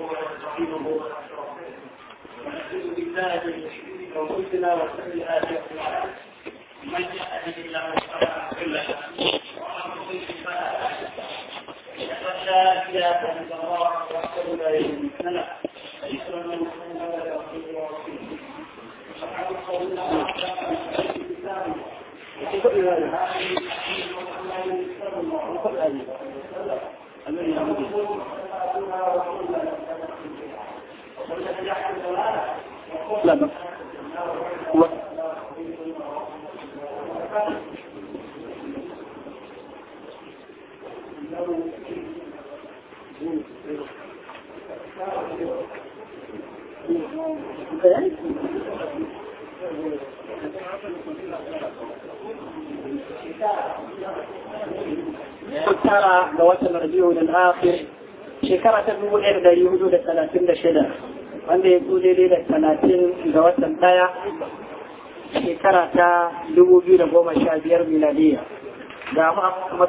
وهو رحيم هو ونعوذ بالله من شرور انفسنا وسيئات اعمالنا من يهده الله فلا مضل له ومن يضلل فلا هادي له اشهد ان لا اله الا الله وحده لا شريك له اشهد ان محمدا عبده ورسوله سبحان الله وتعالى الذي يعبده لا لما ترى لو وصل رجوع للآخر shekara ta dubu ɗaya da dari hudu da talatin da shida wanda ya zo daidai da talatin ga watan ɗaya shekara ta dubu biyu da goma sha biyar miladiya ga mu ya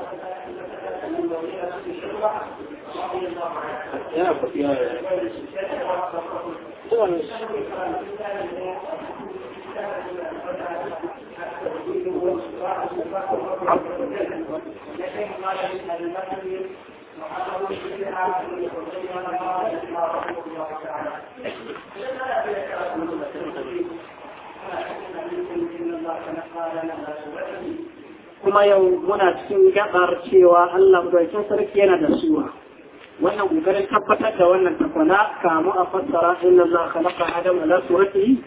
Thank you. kuma yau muna cikin gabar cewa Allah mudaukin sarki yana da suwa wannan kokarin tabbatar da wannan takwana kamu a fassara inna Allah khalaqa adama la surati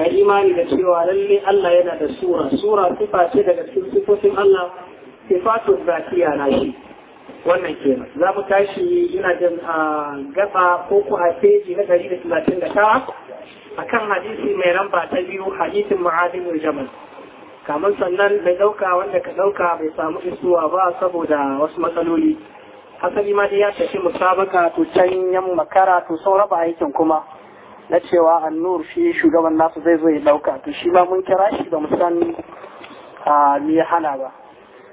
ka imani da cewa lalle Allah yana da sura sura sifa ce daga cikin sifofin Allah sifatun zatiya na shi wannan kenan za mu tashi ina jin a gaba ko ku a feji na da da a kan hadisi mai ramba ta biyu hadisin ma'adin jamal kamar sannan mai ɗauka wanda ka ɗauka bai samu isuwa ba saboda wasu matsaloli asali ma dai ya tafi musabaka to can yan makara to sun raba aikin kuma na cewa annur shi shugaban nasu zai zo ya ɗauka to shi ma mun kira shi ba mu san me ya hana ba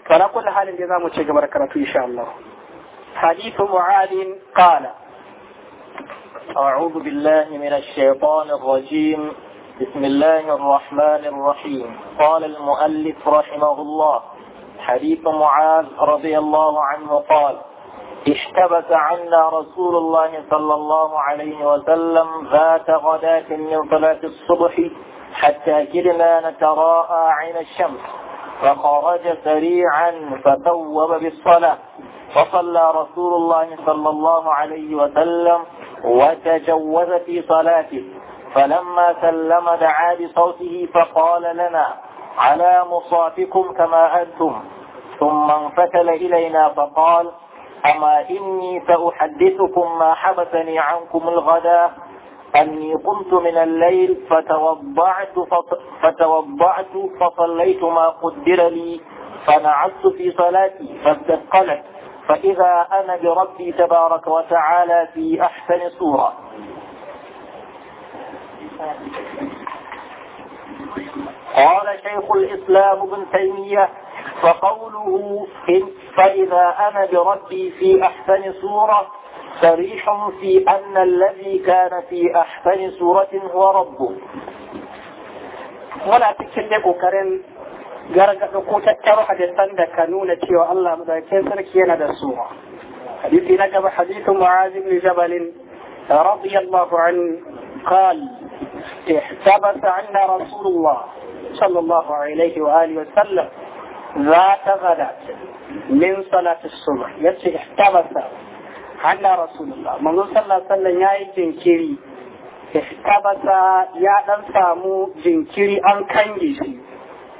فنقول كل حال الجزام وتشجع بركاته إن شاء الله حديث معاذ قال أعوذ بالله من الشيطان الرجيم بسم الله الرحمن الرحيم قال المؤلف رحمه الله حديث معاذ رضي الله عنه قال اشتبك عنا رسول الله صلى الله عليه وسلم ذات غداة من صلاة الصبح حتى كدنا نتراءى عين الشمس فخرج سريعا فتوب بالصلاة فصلى رسول الله صلى الله عليه وسلم وتجوز في صلاته فلما سلم دعا بصوته فقال لنا على مصافكم كما أنتم ثم انفتل إلينا فقال أما إني سأحدثكم ما حبسني عنكم الغداء أني قمت من الليل فتوضعت فتوضعت فصليت ما قدر لي فنعست في صلاتي فاستثقلت فإذا أنا بربي تبارك وتعالى في أحسن صورة قال شيخ الإسلام ابن تيمية فقوله فإذا أنا بربي في أحسن صورة صريح في أن الذي كان في أحسن سورة هو ربه ولا تكلم كرن garga da ko tattaro hadisan da ka nuna cewa Allah madaukakin sarki yana da su hadisi na gaba hadisin Mu'adh ibn Jabal radiyallahu anhu قال احتبس عنا رسول الله صلى الله عليه وآله وسلم ذات غداة من صلاة الصبح يتي احتبس halla rasulullah manzo sallallahu alaihi wasallam yayi jinkiri habasa ya dan samu jinkiri an kange shi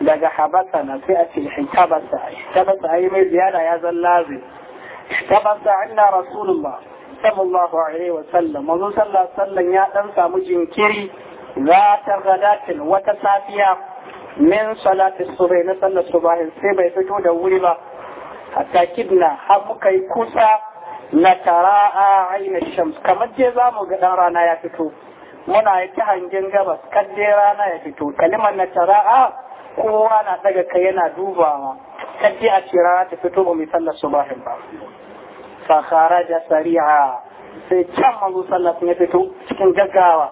daga habasa na sai a ce habasa habasa ai mai ziyara ya zan lazim habasa anna rasulullah sallallahu alaihi wa sallam, sallallahu alaihi wasallam ya dan samu jinkiri za ta gadatin wata safiya min salati subhi na sallar subahin sai bai fito da wuri ba hatta kidna har muka yi kusa na a ainihin shams kamar je za mu ga ɗan rana ya fito muna yake hangen gabas kadde rana ya fito kalimar na a kowa na daga kai yana dubawa kadde a ce rana ta fito ba mai sallar subahin ba fakara da sari'a sai can manzo sallar ya fito cikin gaggawa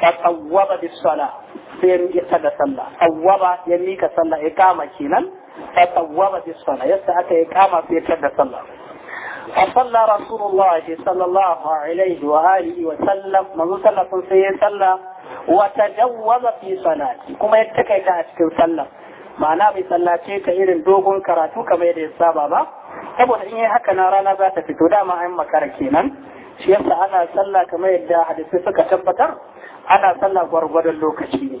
fa tsawaba bis sala sai ya miƙa da sallah tsawaba ya miƙa sallah ya kama kenan fa tsawaba bis sala yadda aka ya kama sai ya tada sallah فصلى رسول الله صلى الله عليه وآله وسلم من صلى صلى صلى وتجوز في صلاته كما يتكي تأتكي صلى ma'ana bai sallace ta irin dogon karatu kamar yadda ya saba ba saboda in yi haka na rana za ta fito dama an makara kenan shi yasa ana sallah kamar yadda hadisi suka tabbatar ana sallah gwargwadon lokaci ne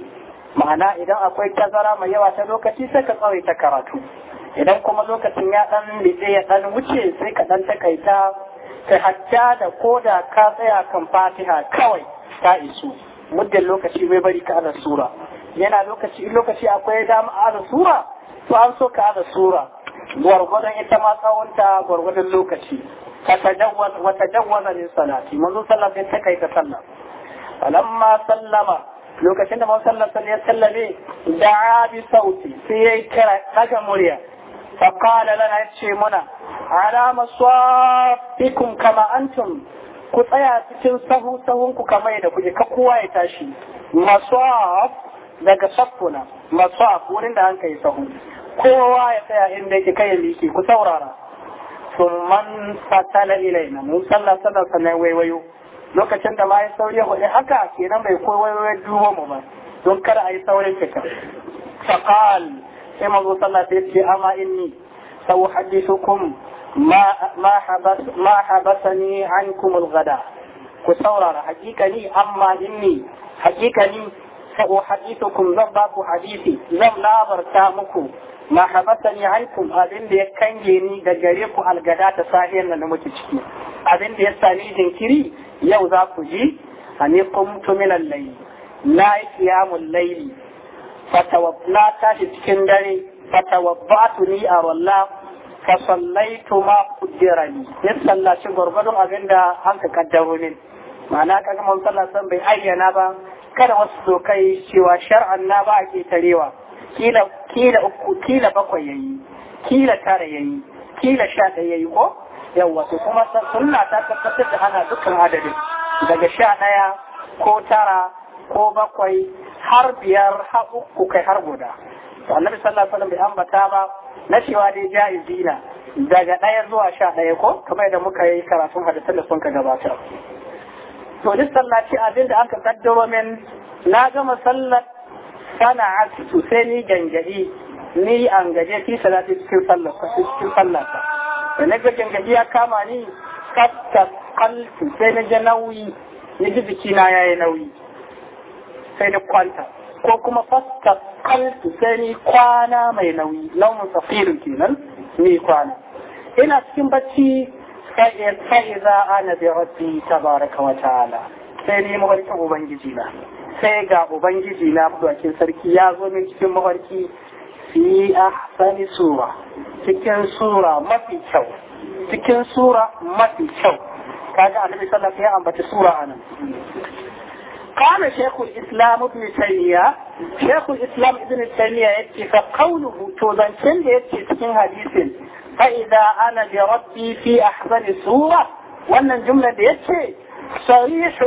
ma'ana idan akwai tazara mai yawa ta lokaci sai ka tsawaita karatu idan kuma lokacin ya ɗan lide ya ɗan wuce sai ka ɗan takaita kai hatta da koda ka tsaya kan fatiha kawai ta isu muddin lokaci bai bari ka aza sura yana lokaci lokaci akwai dama aza sura to an so ka aza sura gwargwadon ita ma tsawonta gwargwadon lokaci ka tajawwaza wa tajawwaza min salati manzo sallallahu alaihi wasallam ta sallah falamma sallama lokacin da manzo sallallahu alaihi wasallam ya sallame da'a bi sauti sai ya kira daga murya فقال لنا يتشي منا على مصابكم كما أنتم كتايا تكن سهو سهونك كما يدفع كقوة يتاشي مصاب daga saffuna masaf wurin da ankayi kai sahu kowa ya tsaya inda yake kai miki ku saurara summan fatala ilaina mun sallah sallah sanai waiwayo lokacin da ma ya sauri ya hudu haka kenan bai koyi waiwayo dubo mu ba don kada a yi saurin fita faqal كما وصلنا في أما إني سأحدثكم ما ما حبسني عنكم الغداء كسورة حقيقة لي أما إني حقيقة لي سأحدثكم لباب حديثي لم نابر تامكم ما حبسني عنكم أذن لي كان جيني دجاريكو الغداء تساهين لنمتشكي أذن لي ساني جنكري يوزاكو جي أني قمت من الليل لا قيام الليل na tashi cikin dare fatawabbatu ni a walla fa sallaitu ma qaddara ni ya sallaci gurgurdun abinda an ka kaddaro min Mana kaga mun sallasan bai ayyana ba kada wasu dokai cewa shar'an na ba a ketarewa kila kila uku kila bakwai yayi kila tara yayi kila sha ɗaya yayi ko yawa to kuma sunna ta tabbatar da ana dukkan adadin daga sha ɗaya ko tara ko bakwai har biyar har uku kai har guda to annabi sallallahu alaihi wasallam bai ambata ba na cewa dai jaizi na daga ɗaya zuwa sha ɗaya ko kamar yadda muka yi karatun hadisan da sun ka gabata to ni sallaci abin da aka kaddaro min na gama sallar kana su sai ni gangadi ni an gaje fi salati cikin sallar cikin sallar da na ga gangadi ya kama ni katta sai na ji nauyi ni ji na yayi nauyi sai ni kwanta ko kuma fasta kaltu sai ni kwana mai nauyi launin safirin kenan ni kwana ina cikin bacci fa'iza ana bi rabbi tabaraka wa ta'ala sai ni mafarkin ubangiji na sai ga ubangiji na bakin sarki ya zo min cikin mafarki fi ahsani sura cikin sura mafi kyau cikin sura mafi kyau kaga annabi sallallahu alaihi wasallam ya ambaci sura anan قال شيخ الإسلام ابن تيمية شيخ الإسلام ابن تيمية يأتي فقوله توضن كن يأتي تكين حديث فإذا أنا بربي في احسن سورة وأن الجملة يأتي صريح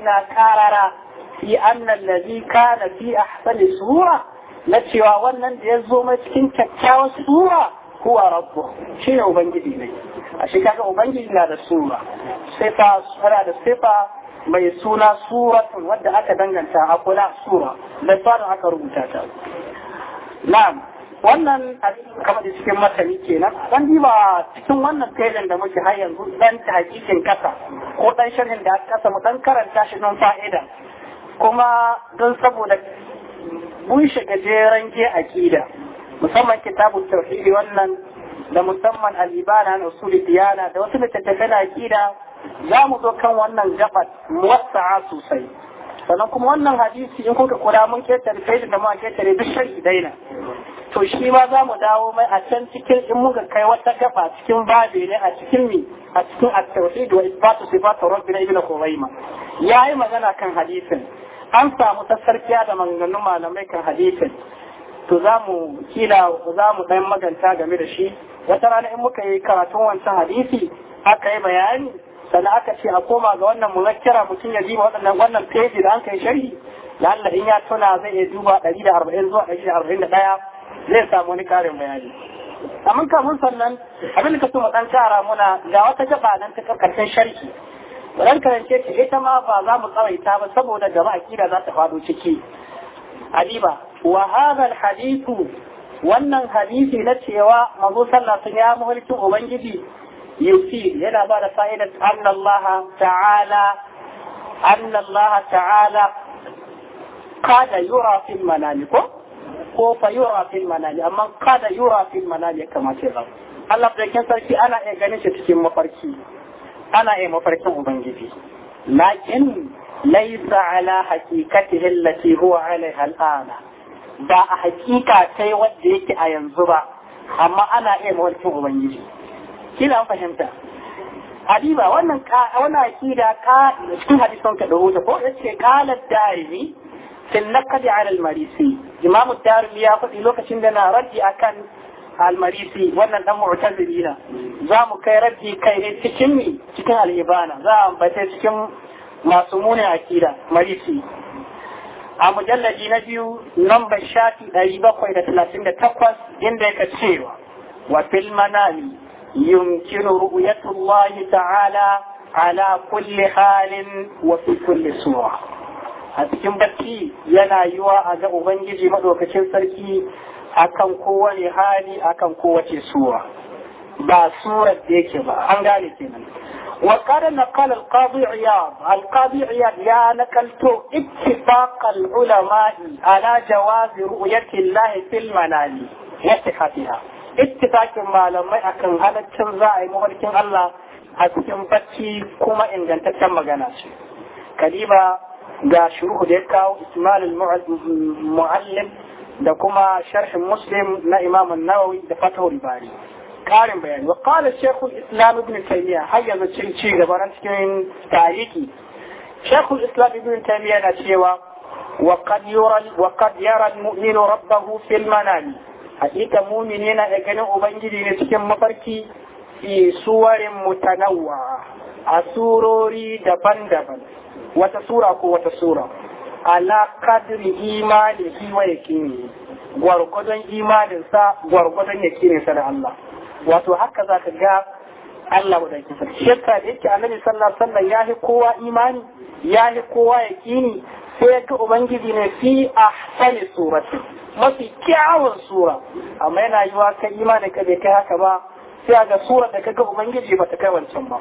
ما كارر في أن الذي كان في احسن سورة التي وأن يزوم تكين كتاو سورة هو ربه شنو بنجدينه أشكاك أبنجدنا السوره صفة صفة mai suna suratun wadda aka danganta a kula sura da fara aka rubuta ta na'am wannan abin kamar da cikin masani kenan dan ba cikin wannan kaidan da muke har yanzu dan hakikin kasa ko dan sharhin da kasa mu dan karanta shi don fa'ida kuma don saboda bushe gajeren ke akida musamman kitabun tauhidi wannan da musamman al-ibana na usul diyana da wasu mutattafai na akida za mu zo kan wannan gabat wasa'a sosai sannan kuma wannan hadisi in kuka kura mun ketare kai da ma ketare duk sharhi daina to shi ma za mu dawo mai a can cikin in muka kai wata gaba cikin babi ne a cikin mi a cikin at-tauhid wa isbatu sifatu na ibnu quwayma yayi magana kan hadisin an samu tasarkiya da maganganun malamai kan hadisin to za mu kila za mu dan maganta game da shi wata rana in muka yi karatun wancan hadisi aka yi bayani sannan aka ce a koma ga wannan muzakkira mutum ya a waɗannan wannan peji da an kai sharhi lalla in ya tuna zai iya duba 140 zuwa 141 zai samu wani karin bayani amma kafin sannan abin da ka so mu dan kara muna ga wata gaba nan ta karkashin sharhi ran karance ce ita ma ba za mu tsawaita ba saboda gaba akida za ta faɗo ciki Habiba wa hadha wannan hadisi na cewa masu sallallahu sun ya mulkin ubangiji yusir yana ba da fa'idar annallaha ta'ala annallaha ta'ala kada yura fil manami ko ko fa yura fil manami amma kada yura fil manami kamar Allah da kin sarki ana iya ganin shi cikin mafarki ana iya mafarkin ubangiji lakin laysa ala haqiqatihi allati huwa alaiha al'ana ba a hakika sai wanda yake a yanzu ba amma ana iya mafarkin ubangiji kila an fahimta Habiba wannan wannan akida ka cikin hadisan ka da hujja ko yace kala darimi fil naqd ala al marisi imamu darimi ya faɗi lokacin da na raddi akan al marisi wannan dan mu'tazili na za mu kai raddi kai ne cikin mi cikin al ibana za a ambata cikin masu muni akida marisi a mujallaji na biyu number shafi ɗari bakwai da talatin da takwas inda yaka cewa wa fil manami يمكن رؤية الله تعالى على كل حال وفي كل صورة أتكلم cikin bacci yana yiwa a ga Ubangiji maɗaukacin sarki akan kowane hali akan kowace sura ba surar da yake ba وقال نقل القاضي عياض القاضي عياض يا نقلت اتفاق العلماء على جواز رؤية الله في المنام وصحتها ittifakin malamai akan halaccin za a yi mafarkin Allah a cikin bacci kuma ingantaccen magana ce kadiba ga shuruhu da ya kawo ismailul muallim da kuma sharhin muslim na imam nawawi da fatahul bari karin bayani wa qala shaykh islam ibn taymiya har yanzu cin ci gaba ran cikin tariki shaykh islam ibn taymiya na cewa wa qad yara wa qad hakika mumin yana da ganin ubangiji ne cikin mafarki fi suwarin mutanawa a surori daban-daban wata sura ko wata sura ala kadri imanihi wa yaqini gwargwadon imaninsa gwargwadon sa da Allah wato haka za ka ga Allah wadaki kisa. shekka da yake annabi sallallahu alaihi wasallam hi kowa imani ya hi kowa yaqini sai ya ga ubangiji ne fi ahsani surati mafi kyawun sura amma yana yiwa kai imani ka bai kai haka ba sai ga sura da kaga ubangiji ba ta kai wancan ba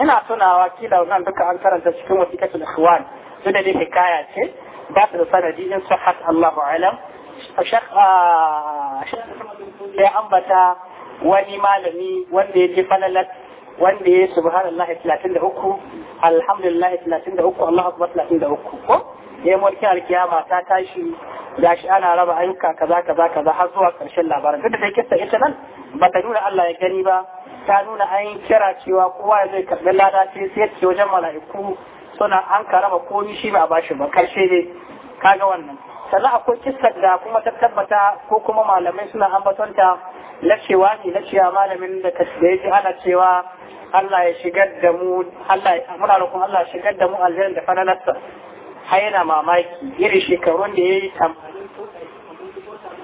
ina tunawa kila wannan duka an karanta cikin wasiqatul ikhwan duk da hikaya ce ba ta da sanadi in sahat Allahu alam an ah, bata wani malami wanda ya ji falalat wanda ya subhanallahi 33 alhamdulillahi 33 Allahu akbar 33 ko ya mulki alkiyama ta tashi shi ana raba ayyuka kaza kaza kaza har zuwa karshen labarin duk da take kissa ita nan ba ta nuna Allah ya gani ba ta nuna an kira cewa kowa ya zai karbi lada sai sai ce wajen mala'iku suna an ka raba komai shi ba bashi ba karshe ne kaga wannan sannan akwai kissar da kuma ta tabbata ko kuma malamai suna ambatonta na cewa ne na cewa malamin da ka ji ana cewa Allah ya shigar da mu Allah da kuma Allah shigar da mu aljanna da fananarsa har yana mamaki irin shekarun da yayi tamanin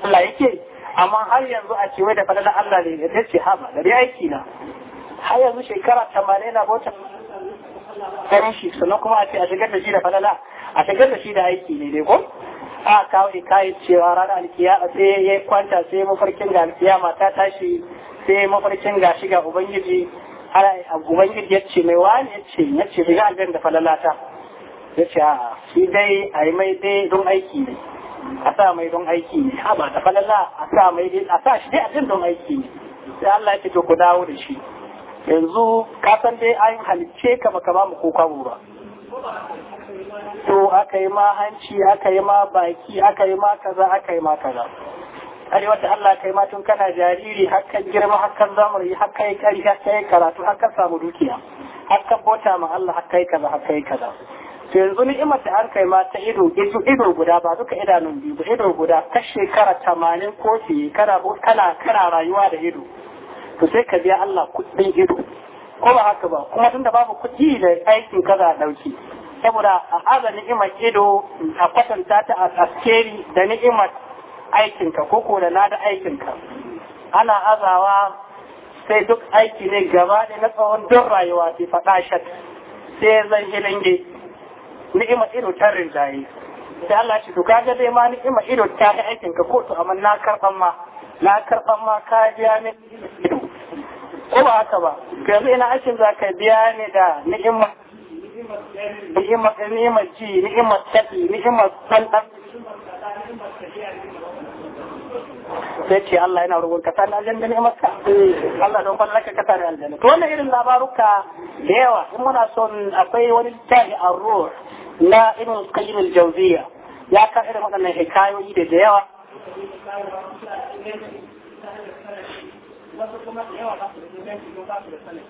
Allah yake amma har yanzu a cewa da falalar Allah ne da ce ha ba da aiki na har yanzu shekara 80 na bauta garin shi sannan kuma a ce a shigar da shi da fadala a shigar da shi da aiki ne dai ko a kawo ikayi cewa ranar alkiyama sai ya kwanta sai mafarkin ga alkiyama ta tashi sai mafarkin ga shiga ubangiji ana ubangiji ya ce mai wani ya ce ya ce shiga aljan da falalata ya ce a shi dai a yi mai dai don aiki ne a sa mai don aiki ne ha ba da falala a sa mai dai a sa shi dai aljan don aiki ne sai Allah ya ce to ku dawo da shi yanzu ka san dai an halicce ka baka mu ko kwabo To aka yi ma hanci aka yi ma baki aka yi ma kaza aka yi ma kaza ari wata Allah kai ma tun kana jariri har girma har ka zamani har ka yi kari har yi karatu har samu dukiya har bota ma Allah har ka yi kaza har yi kaza to yanzu ni'imar da an kai ma ta ido ido ido guda ba duka idanun biyu ba ido guda ta shekara tamanin ko fiye kana kana kana rayuwa da ido to sai ka biya Allah kuɗin ido ko ba haka ba kuma tunda babu kuɗi da aikin kaza dauki saboda a haza ni'imar ido a kwatanta ta a tsakeri da ni'imar aikinka ko da na da aikinka ana azawa sai duk aiki ne gaba da na tsawon don rayuwa sai faɗa shat sai zan hilinge ni'imar ido ta rinjaye sai Allah shi duka ga dai ma ni'imar ido ta yi aikinka ko to amma na karɓan ma na karɓan ma ka biya min ko ba haka ba zai na aikin za ka biya ni da ni'imar ni'imar ni'imar ji ni'imar tafi ni'imar sandan sai ce Allah yana rugun kasa na aljanna ne maka Allah don fara ka kasa da aljanna to wannan irin labaruka da yawa in muna son akwai wani tafi ar-ruh na irin qayyim al-jawziya ya ka irin waɗannan hikayoyi da da yawa wasu kuma da yawa ba su da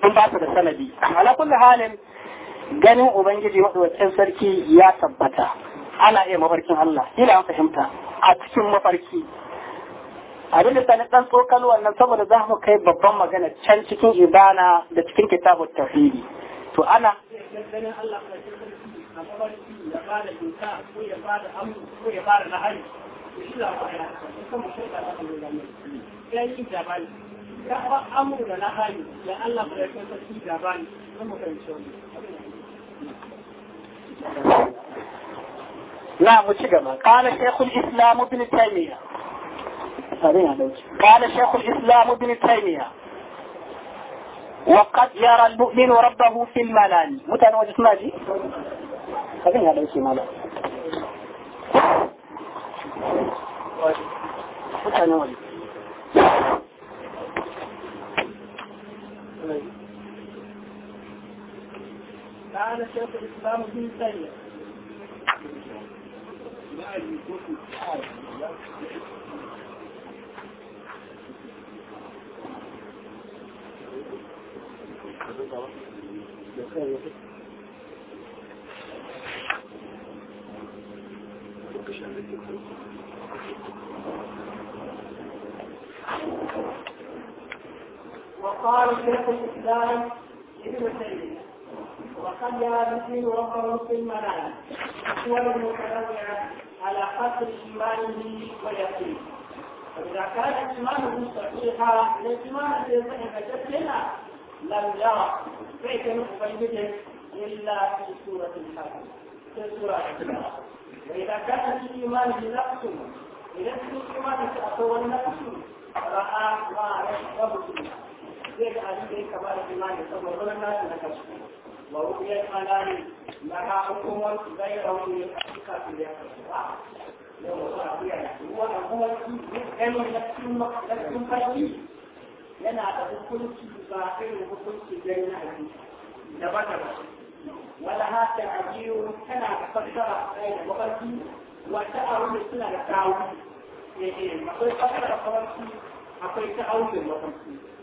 sun ba su da sanadi ala kulli halin ganin ubangiji madaukakin sarki ya tabbata ana iya mafarkin Allah ina an fahimta a cikin mafarki abin da sani dan tsokalo wannan saboda za mu kai babban magana can cikin ibana da cikin kitabu tauhidi to ana ganin Allah a mafarki ya ba da ko ya ba da ko ya ba da نعم وشجما قال شيخ الإسلام ابن تيمية قال شيخ الإسلام ابن تيمية وقد يرى المؤمن ربه في المنام متى نوجد ماجي خلينا هذا الشيء مالا متى نوجد قال شيخ الإسلام ابن تيمية Thank you. قال شيخ الاسلام ابن تيميه وقد لا مسلم ربه في المنام صور متنوعه على قدر ايمانه ويقينه فاذا كان ايمانه صحيحا الايمان في صحيح لم يرى كيف نقبل الا في سوره الحج في سوره واذا كان في ايمانه نقص اذا في ايمانه اقوى النقص راى ما يشبه zai ga abin da ya kama da imani saboda wani nasu na kashi wa rubiyar ne na ka hukumar su zai rauni a cikin da ya kashi ba yau wasu abuya na ruwa na kuma ɗanon na cikin farki yana da hukunci ba irin hukunci zai na ba daban-daban wala hata ajiyu tana da fassara ɗaya da mafarki wata a wani suna da kawo eh, eh, akwai fassara mafarki akwai ta aure mafarki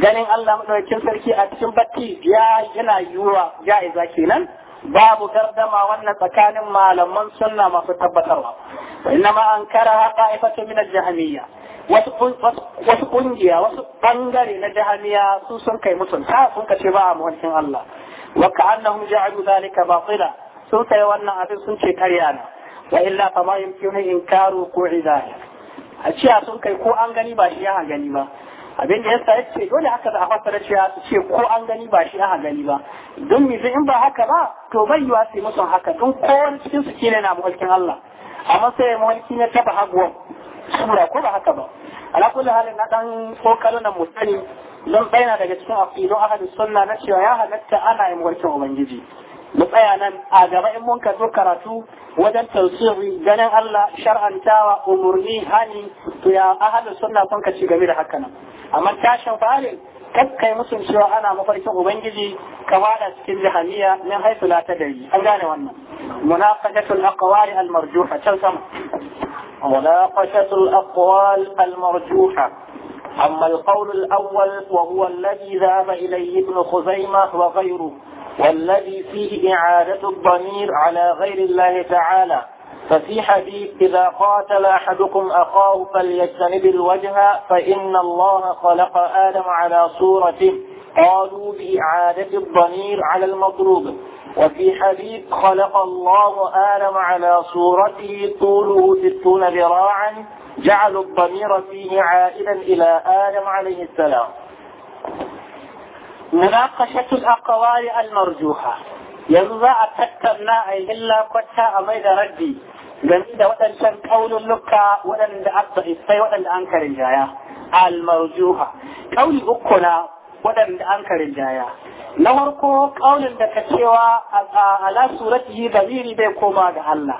ganin Allah madaukakin sarki a cikin bacci ya yana yiwuwa ja'iza kenan babu gardama wannan tsakanin malaman sunna masu tabbatarwa innama an kara qa'ifatu min al-jahmiyya wasu kungiya wasu bangare na jahamiya su sun kai mutunta sun kace ba a mulkin Allah wa ka'annahum ja'alu zalika batila sun kai wannan abin sun ce karya na wa illa fa ma yumkinu inkaru qu'ida a ciya sun kai ko an gani ba shi ya gani ba abin da yasa ya ce dole aka za a fassara cewa su ce ko an gani ba shi aka gani ba don mi in ba haka ba to bai yiwa sai mutum haka don kowane cikin su kine na mulkin Allah amma sai mulki ne taba hagwa sura ko ba haka ba ala kulli halin na dan kokarin nan musani don bayyana daga cikin aqidu ahadus sunna na cewa ya halatta ana yin mulkin ubangiji مطيانا اجراء منكر ذكرته ودن تنصير جنا الله شرعا تاوى امرني هاني يا اهل السنة فانكت جميلة حكنا اما تاشا فعلي كيف كي مسلم سوى انا مفرسة وبنجزي كوالا سكين لحالية من حيث لا تدعي انجانا وانا مناقشة الاقوال المرجوحة تل مناقشة الاقوال المرجوحة اما القول الاول وهو الذي ذهب اليه ابن خزيمة وغيره والذي فيه إعادة الضمير على غير الله تعالى ففي حديث إذا قاتل أحدكم أخاه فليجتنب الوجه فإن الله خلق آدم على صورته قالوا بإعادة الضمير على المضروب وفي حديث خلق الله آدم على صورته طوله ستون ذراعا جعلوا الضمير فيه عائدا إلى آدم عليه السلام مناقشة الأقوال المرجوحة يمضى أتكرنا إلا كتا أميد ردي جميل ودن شن قول اللكا ودن أبضع الصي ودن أنكر الجاية المرجوحة قول أكنا ودن أنكر الجاية نوركو قول الدكتوى على صورته ضمير بيكو ما دع الله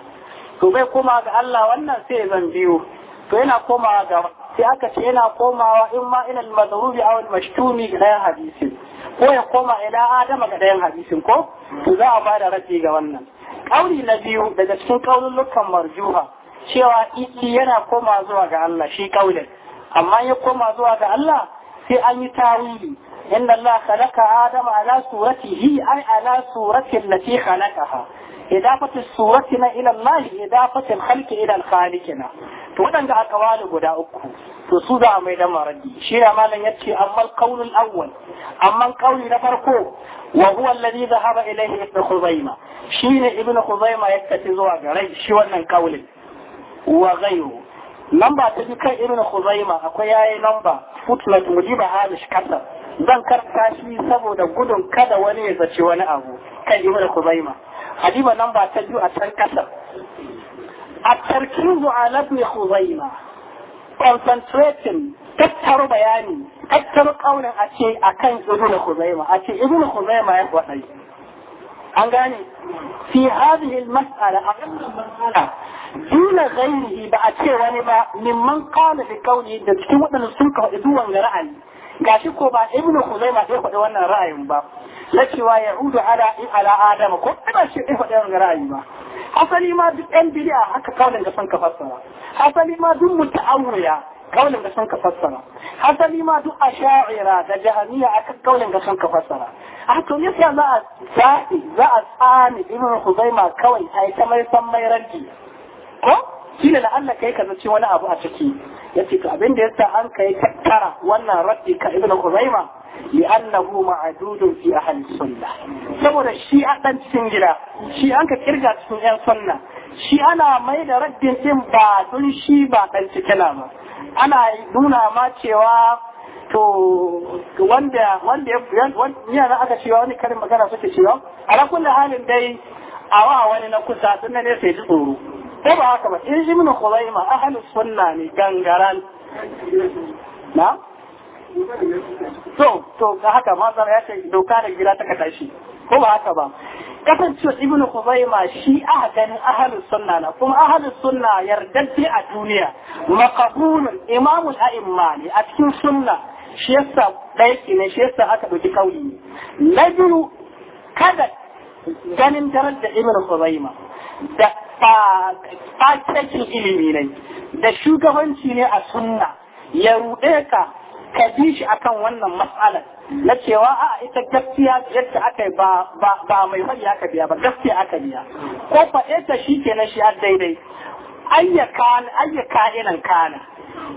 بيكو ما دع الله وانا سيزن بيو فإن أكو ما دع في أكس إن أكو ما وإما إن المضروب أو المشتوم غير حديثي ko ya koma ila adama ga ɗayan hadisin ko to za a ba da rafi ga wannan kauli na biyu daga cikin kaululukan marjuha cewa iki yana koma zuwa ga Allah shi kaulin amma ya koma zuwa ga Allah sai an yi tawili inna Allah khalaqa adama ala suratihi ay ala surati allati khalaqaha idafatu surati na ila Allah idafatu al-khalqi ila al-khaliqina to waɗanda aka wani guda uku to su za a mai da maradi shi ya malam ya ce amma kaunin awon amma kauli na farko wa huwa alladhi dhahaba ilayhi ibn khuzaima shine ibn khuzaima ya tafi zuwa garai shi wannan kaulin wa ghayru lamba ta bi kan ibn khuzaima akwai yayi lamba footnote mujiba halish kasa zan karta shi saboda gudun kada wani ya zaci wani abu kan ibn khuzaima hadiba lamba ta biyu a can kasa التركيز على ابن خزيمة كونسنتريتن كثر بياني كثر قولا أشي أكن ابن خزيمة أشي ابن خزيمة يبغى شيء أنغاني في هذه المسألة أغلب المسألة دون غيره بأشي وأنا ممن قال بقوله إذا تشوفنا نسوق إذوان رأي كاشكو بأ ابن خزيمة يبغى وأنا رأي مبارك na cewa yahudu ala in ala adama ko ina shi in faɗa yawan ra'ayi ba asali ma duk ɗan bidiya haka kaunin ka son ka fassara asali ma duk muta'awwiya kaunin ka son ka fassara asali ma duk asha'ira da jahaniya akan kaunin ka son ka fassara a to yasa za a zaɓi za a tsani ibn huzaima kawai a yi ta mai san mai rangi ko shi ne la'alla kai ka zaci wani abu a ciki ce to abin da sa an kai tattara wannan raddi ka ibnu uzaima li'annahu ma'dudun fi ahli sunna saboda shi a dan cikin gida shi an ka kirga cikin yan sunna shi ana mai da raddin din ba dun shi ba dan cikin ba ana nuna ma cewa to wanda wanda yana aka cewa wani karin magana suke cewa ala kulli halin dai a wa wani na kusa tun ne sai ji tsoro ko ba haka ba in ibn khuzaima ahlus sunna ne gangaran na to to haka mazar ya ce doka da gida ta kada shi ko ba haka ba kasancewa ibn khuzaima shi aka ganin ahlus sunna na kuma ahlus sunna yardadde a duniya maqbulun imamul a'imma ne a cikin sunna shi yasa ɗaya ne shi yasa aka ɗauki kauli na biyu kada ganin daren da ibn khuzaima da fasikin ilimi ne da shugabanci ne a sunna ya ruɗe ka ka bi shi akan wannan matsalar na cewa a ita gaskiya yadda aka yi ba mai wani aka biya ba gaskiya aka biya ko faɗe ta shi na shi a daidai ayyaka ayyaka inan kana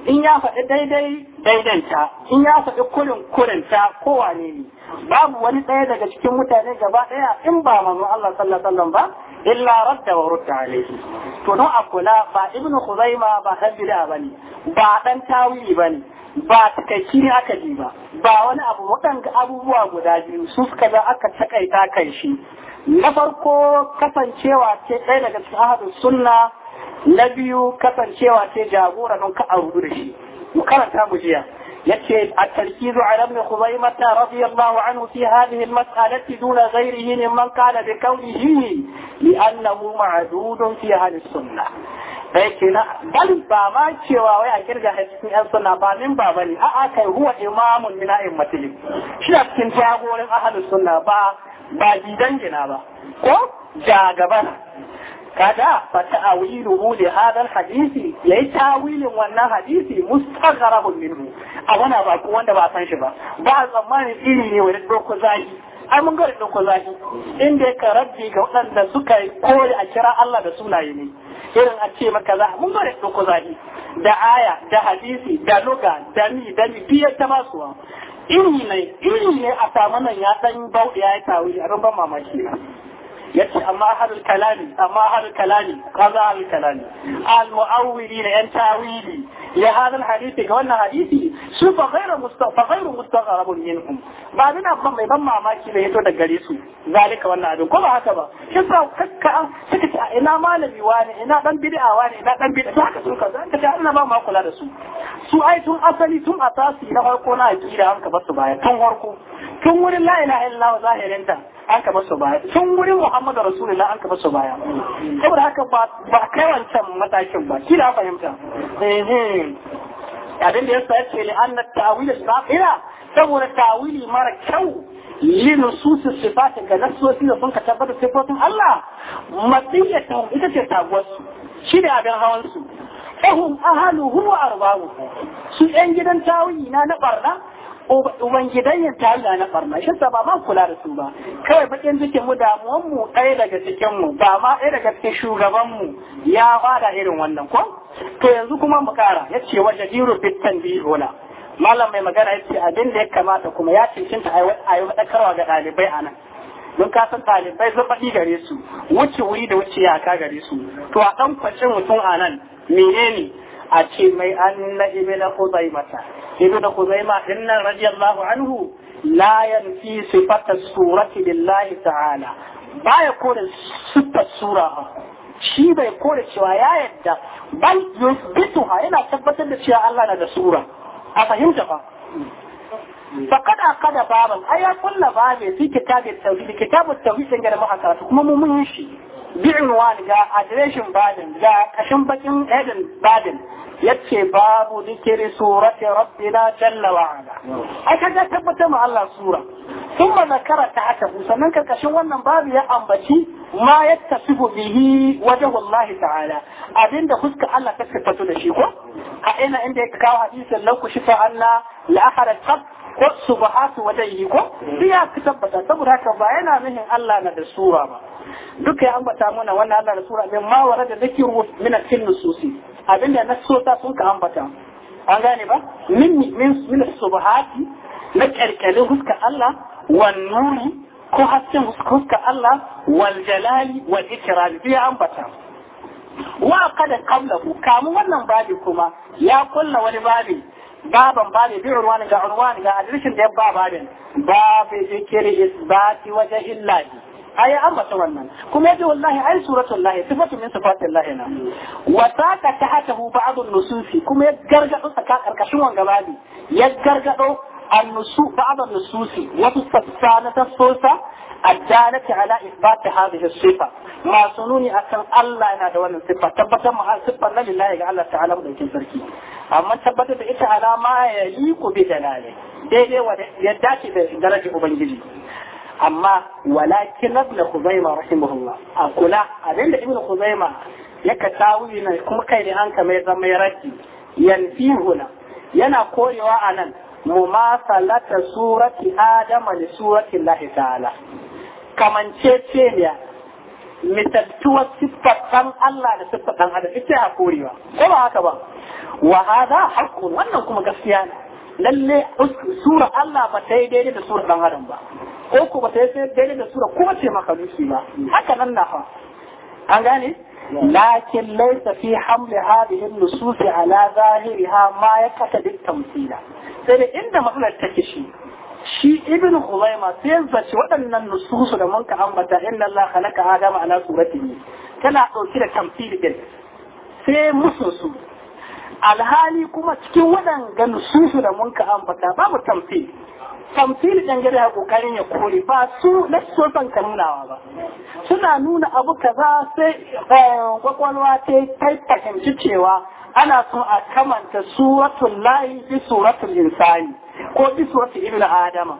in ya faɗi daidai daidaita in ya faɗi kurin kurinta ko wane ne babu wani ɗaya daga cikin mutane gaba ɗaya in ba manzo Allah sallallahu alaihi ba illa radda wa rudda alaihi to don akula ba ibnu khuzaima ba hadira bane ba dan tawili bane ba takaici ne aka ji ba ba wani abu waɗanda abubuwa guda biyu su suka da aka takaita kan shi na farko kasancewa ce ɗaya daga cikin sunna na biyu kasancewa ce jagora don ka a rubu da shi mu karanta mu jiya yace at-tarkizu ala ibn khuzaimah radiyallahu anhu fi hadhihi al-mas'alati duna ghayrihi mimman kana bi qawlihi li'annahu ma'dudun fi ahli sunnah sai ke bal ba ma cewa wai a kirga cikin yan sunna ba min ba bane a kai huwa imamun min a'immatil shi a cikin jagorin ahli sunna ba ba gidan gina ba ko ja gabar kada fa ta'awiluhu li hadha al-hadisi yayi tawilin wannan hadisi mustagharabun minhu abana ba ku wanda ba san shi ba ba tsammanin iri ne wani doko zaki ai mun ga doko zaki inda ka rabbi ga wanda suka kore a kira Allah da sunaye ne irin a ce maka za mun ga doko zaki da aya da hadisi da luga da ni da ni biye ta masuwa iri ne iri ne a samanan ya dan bauɗe ya yi tawili a ban mamaki yace amma ahlul kalami amma ahlul kalami kaza ahlul kalami al muawwilina yan tawili li hadha al hadith ga wannan hadisi su fa ghayru mustafa ghayru mustaghrab minhum ba bin abban mai ban mamaki da yato da gare su zalika wannan abin ko ba haka ba kisa kakka suka ce ina malami wani ina dan bid'a wani ina dan bid'a haka sun kaza an ta ina ba ma kula da su su ai tun asali tun asasi na farko na aqida an ka basu baya tun farko tun wurin la ilaha illallah zahirinta an ka basu baya wurin Muhammadu Rasulullah an ka basu baya saboda haka ba kai wancan matakin ba kila fahimta abin da ya sa ce ne anna ta'wil al saboda ta'wili mara kyau su nusus sifat ga nasosi da sun ka tabbata sifatin Allah matiyatan ita ce taguwar su shi da abin hawan su ahum ahaluhu wa arbahu su yan gidan tawili na na barna ubangidan ta Allah na farma shi ba ma kula da su ba kawai bakin cikin mu damuwan mu ɗaya daga cikin mu ba ma ɗaya daga cikin shugaban mu ya fada irin wannan ko to yanzu kuma mu kara ce wa jadiru fitan bi hula. malam mai magana ya ce abin da ya kamata kuma ya cincinta a yi ga ɗalibai a nan don ka san ɗalibai faɗi gare su wuce wuri da wuce ya ka gare su to a ɗan kwace mutum a nan menene a ce mai an na ibe na mata ابن خزيمة إن رضي الله عنه لا ينفي صفة السورة لله تعالى با يقول صفة السورة شي با يقول شو يا يدى بل يثبتها إن ثبت لشياء الله لدى سورة أفهمت فقد أخذ بابا أي كل باب في كتاب التوحيد كتاب التوحيد سنجد محاكرة كما مهمشي bi'inwan ga adireshin badin ga kashin bakin edin badin yace babu dikiri surati rabbina jalla wa ala ai kaga tabbata ma Allah sura thumma zakara ta haka sannan karkashin wannan babu ya ambaci ma yattasifu bihi wajhu Allah ta'ala abinda fuska Allah ta tabbata da shi ko a ina inda ya kawo hadisin lau ku shifa Allah la ba qad ko subhatu wajhihi ko duk ya tabbata saboda haka ba yana nuhin Allah na da sura ba duka ya ambata mana wannan Allah da sura min mawara da dhikru min al-fil nususi abinda na ta sun ka ambata an gane ba min min min subhati na kyalkyalin huska Allah wan nuri ko hasken huska Allah wal jalali wal ikram bi ambata wa kada qablahu kamun wannan babi kuma ya kulla wani babi baban babi bi urwan ga urwan ga adrishin da ya ba babin babi zikiri isbati wajen illahi ayi an mace wannan kuma yaji wallahi ayi suratul lahi na wa ta tahtahu ba'd an-nusus kuma ya gargado saka karkashin wanga babi ya gargado an-nusu ba'd an a wa tusfana tasusa adalati ala ithbat hadhihi as-sifa ma sununi akan Allah yana da wannan sifa tabbatar ma sifar na lillahi ga Allah ta'ala mun cikin sarki amma tabbatar da ita alama ya liku bi dalali daidai wa ya dace da darajar ubangiji amma walakin rabna khuzaima rahimahullah a kula abinda ibnu ya ka tawi ne kuma kai ne an kamar zama ya raki yanfihuna yana korewa anan mumasalata surati adama li surati allah ta'ala kamanceceniya mitattuwar siffar ɗan Allah da siffar ɗan adam ita ya korewa ko ba haka ba wa hada haqqun wannan kuma gaskiya ne lalle sura Allah ba ta yi daidai da sura ɗan adam ba ko ko ba ta yi daidai da sura ko ce makalusi ba haka nan na fa an gane lakin laisa fi hamli hadhihi nusus ala zahiriha ma yaqtadi at-tamthila sai da inda matsalar take shi shi ibn Khuzaima sai ya zaci waɗannan nususu da manka ambata inna Allah khalaqa adama ala suratihi tana dauki da tamthil din sai musu su alhali kuma cikin waɗanga nususu da mun ka ambata babu tamfi tamfil dangane da kokarin ya kore ba su na sosan ka ba suna nuna abu kaza sai kwakwalwa ta kai kanci cewa ana so a kamanta suratul lahi bi suratul insani ko bi suratul ibn adama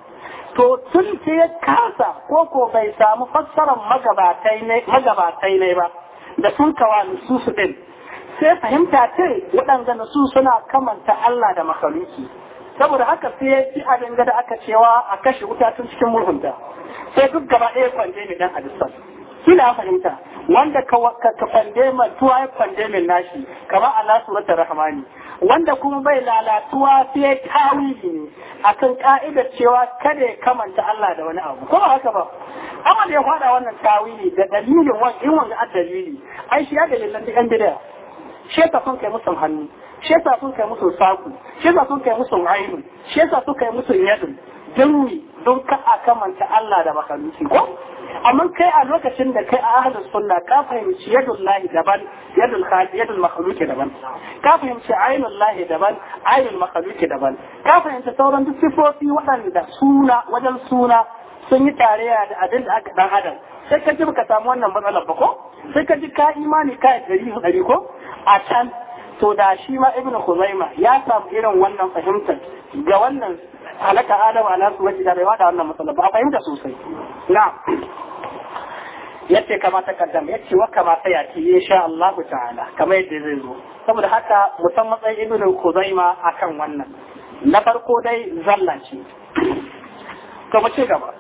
to tun ce ya kasa ko ko bai samu fassarar magabatai ne ba da sun kawa nususu din sai fahimta ce waɗanda su suna kamanta Allah da makaluki saboda haka sai ya ci abin da aka cewa a kashe wuta tun cikin murhunta sai duk gaba ɗaya kwande ne dan hadisan kila fahimta wanda ka ka kwande ma tuwa ya kwande min nashi kamar Allah surata rahmani wanda kuma bai lalatuwa sai ya tawili ne akan ka'idar cewa kada ya kamanta Allah da wani abu ko haka ba amma da ya fada wannan tawili da dalilin wani in wani dalili ai shi ya dalilan da yan bid'a shi yasa sun kai musu hannu shi yasa sun kai musu saku shi yasa sun kai musu ainu shi yasa sun kai musu yadin don mi don ka a kamanta Allah da makaruci ko amma kai a lokacin da kai a ahlus sunna ka fahimci yadul lahi daban yadul khaliq yadul makhluqi daban ka fahimci ainul lahi daban ainul makhluqi daban ka fahimci sauran duk sifofi waɗanda suna wajen suna sun yi tarayya da abin da aka dan adam sai ka ji baka samu wannan matsalar ba ko sai ka ji ka imani ka yi dari dari ko a can to da shi ma ibn Khuzaima ya samu irin wannan fahimtar ga wannan halaka Adam ala su wace da bai da wannan matsala ba fahimta sosai na yace kama ta kaddam yace wa kama ta yaki insha Allah ta'ala kamar yadda zai zo saboda haka musan matsayin ibn Khuzaima akan wannan na farko dai zallanci to mu ci gaba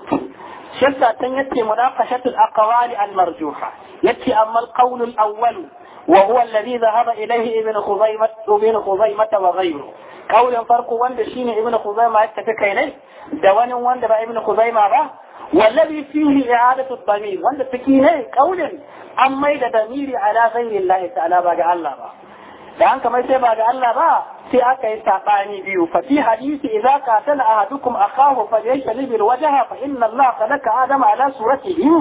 شذا تنيتي مناقشة الأقوال المرجوحة يتي أما القول الأول وهو الذي ذهب إليه ابن خزيمة ابن خزيمة وغيره قول فرق وند شين ابن خزيمة يتفك إليه دوان وند با ابن خزيمة با والذي فيه إعادة الضمير وند تكينه قول أما إذا ضميري على غير الله تعالى بقى الله با da an kamar sai ba da Allah ba sai aka yi sabani biyu fa fi hadisi idza qatala ahadukum akahu falyashlib alwajha fa inna Allah khalaqa adam ala suratihi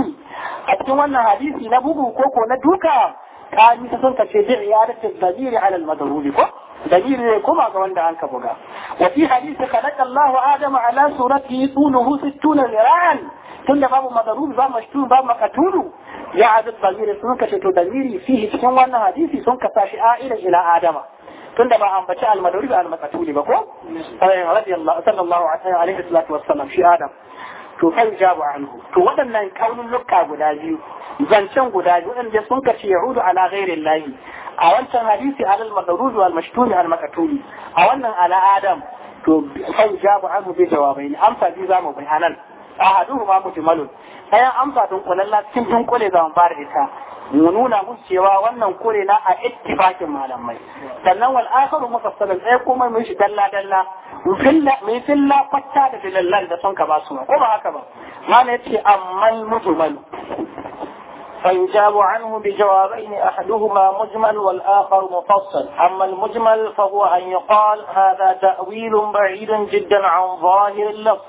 a cikin wannan hadisi na bugu ko ko na duka kani ta sun kace bi iyadatu dabiri ala almadruri ko dalili ne kuma ga wanda an ka buga wa fi hadisi khalaqa Allah adam ala suratihi tuluhu 60 zira'an tunda babu madruri ba mashtun ba makaturu ya adad baziri sun kace to dalili fihi cikin wannan hadisi sun kasa shi a'ilan ila adama tunda ba ambaci al-madawi ba al-matsatuli ba ko eh, radiyallahu sallallahu alaihi wasallatu Wasallam shi adam to fa yujabu anhu to waɗannan kaunin lukka guda biyu zancen guda biyu waɗanda sun kace yahudu ala ghairi lahi a wancan hadisi alal madarud wal mashtumi al makatuli a wannan ala adam to fa yujabu anhu bi jawabain amsa biyu mu bayanan ahaduhuma mujmalun ɗayan amsa dunkulalla cikin dunkule za mu fara ita mu nuna musu cewa wannan kore na a ittifakin malamai sannan wal akharu mufassalan ɗaya kuma mun shi dalla dalla mai filla fatta da filallan da son ka ba su ko ba haka ba mana yace amman mujmal فيجاب عنه بجوابين أحدهما مجمل والآخر مفصل أما المجمل فهو أن يقال هذا تأويل بعيد جدا عن ظاهر اللفظ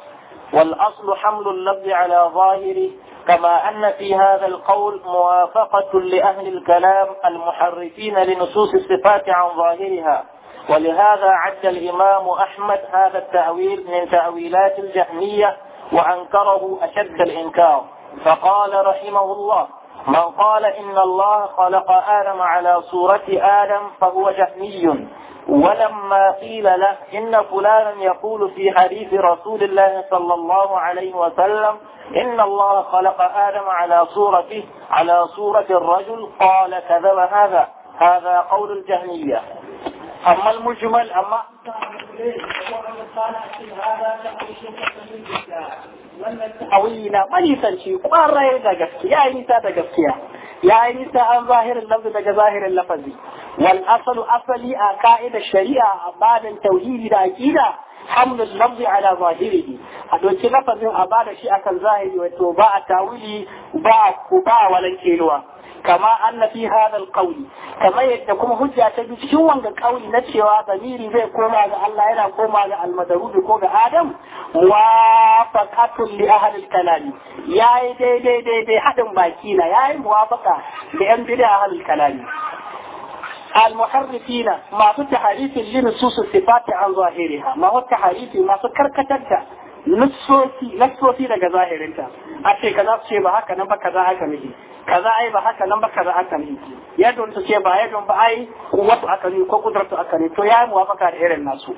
والأصل حمل اللفظ على ظاهره كما أن في هذا القول موافقة لأهل الكلام المحرفين لنصوص الصفات عن ظاهرها ولهذا عد الإمام أحمد هذا التأويل من تأويلات الجهمية وأنكره أشد الإنكار فقال رحمه الله من قال إن الله خلق آدم على صورة آدم فهو جهمي ولما قيل له إن فلانا يقول في حديث رسول الله صلى الله عليه وسلم إن الله خلق آدم على صورته على صورة الرجل قال كذا هذا هذا قول الجهمية أما المجمل أما هذا hawina manisanci kwarai da gaskiya ya yi nisa da gaskiya ya yi nisa an zahirin lafzi daga zahirin lafazi wal asalu asali a ka'idar shari'a a badan tauhidi da aqida hamlul lafzi ala zahirihi a doki lafazin a bada shi akan zahiri wato ba a tawili ba a ba walan keluwa كما أن في هذا القول كما يتكم هجة تبشو عن القول نتشوى ضميري زي كوما الله ينا كوما المدروب كوما آدم موافقة لأهل الكلام يا دي دي دي دي حدم باكينا يا موافقة لأنبياء أهل الكلام المحرفين ما هو تحريف لنصوص الصفات عن ظاهرها ما هو تحريف ما هو كركتك nassosi daga zahirinta a ce kaza su ce ba haka nan ba kaza aka miji kaza ai ba haka nan ba kaza aka miji yadda su ce ba yadda ba ai kuwatu aka ne ko kudratu aka ne to ya yi muwafaka da irin nasu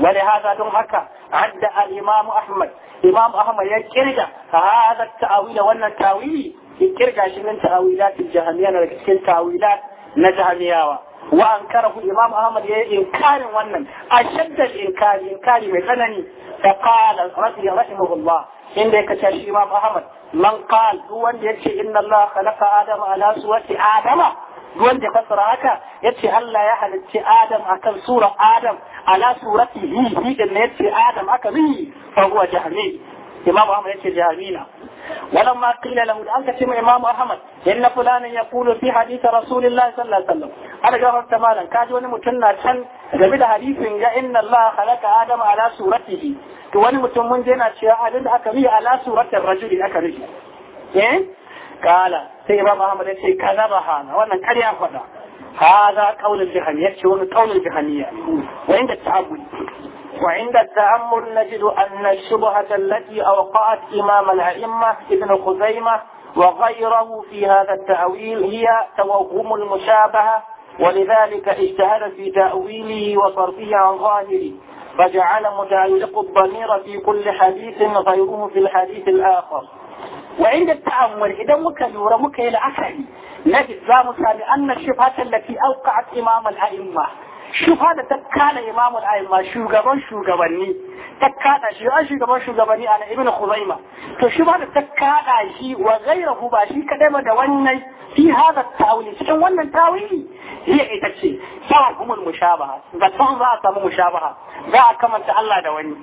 wani haza don haka hadda al-imam ahmad imam ahmad ya kirga hada ta'awila wannan tawili ya kirga shi nan min ta jahmiyyah na cikin ta'awilat na jahamiyawa. wa ankarahu imam ahmad ya yi inkarin wannan ashadda inkari inkari mai tsanani fa qala rabbi rahimahullah inda ya cewa shi imam ahmad man qal duk wanda yace inna allah khalaqa adama ala suwati adama duk wanda ya fassara haka yace Allah ya halicci Adam akan surar Adam ala surati hi hi din ne yace Adam aka bi fa huwa jahmi imam ahmad yace jahamina ولما قيل له أنت كما إمام أحمد إن فلانا يقول في حديث رسول الله صلى الله عليه وسلم أنا جاهر تمالا كاجي وني متنا كان game da hadisin ga inna Allah khalaqa Adama ala suratihi to wani mutum mun je na cewa abin da aka yi ala suratin rajuli aka rufe eh kala sai Imam Ahmad ya ce kazaba hana wannan ƙarya faɗa hada qaulul jahanniyya ce wani qaulul jahanniyya wa وعند التأمل نجد أن الشبهة التي أوقعت إمام الأئمة ابن خزيمة وغيره في هذا التأويل هي توهم المشابهة ولذلك اجتهد في تأويله وصرفه عن ظاهره فجعل متعلق الضمير في كل حديث غيره في الحديث الآخر وعند التأمل إذا مكلورة مكيل أكل نجد لا مسامي أن الشبهة التي أوقعت إمام الأئمة shufa da ta kada imamul a'imma shugaban shugabanni ta kada shi an shugaban shugabanni ana ibn khuzaima to shufa da ta kada shi wa ghayrahu ba shi kadai ba da wannan fi hada tawili cikin wannan tawili hiya ita ce sawahumul mushabaha zaton za a samu mushabaha za a kamanta Allah da wani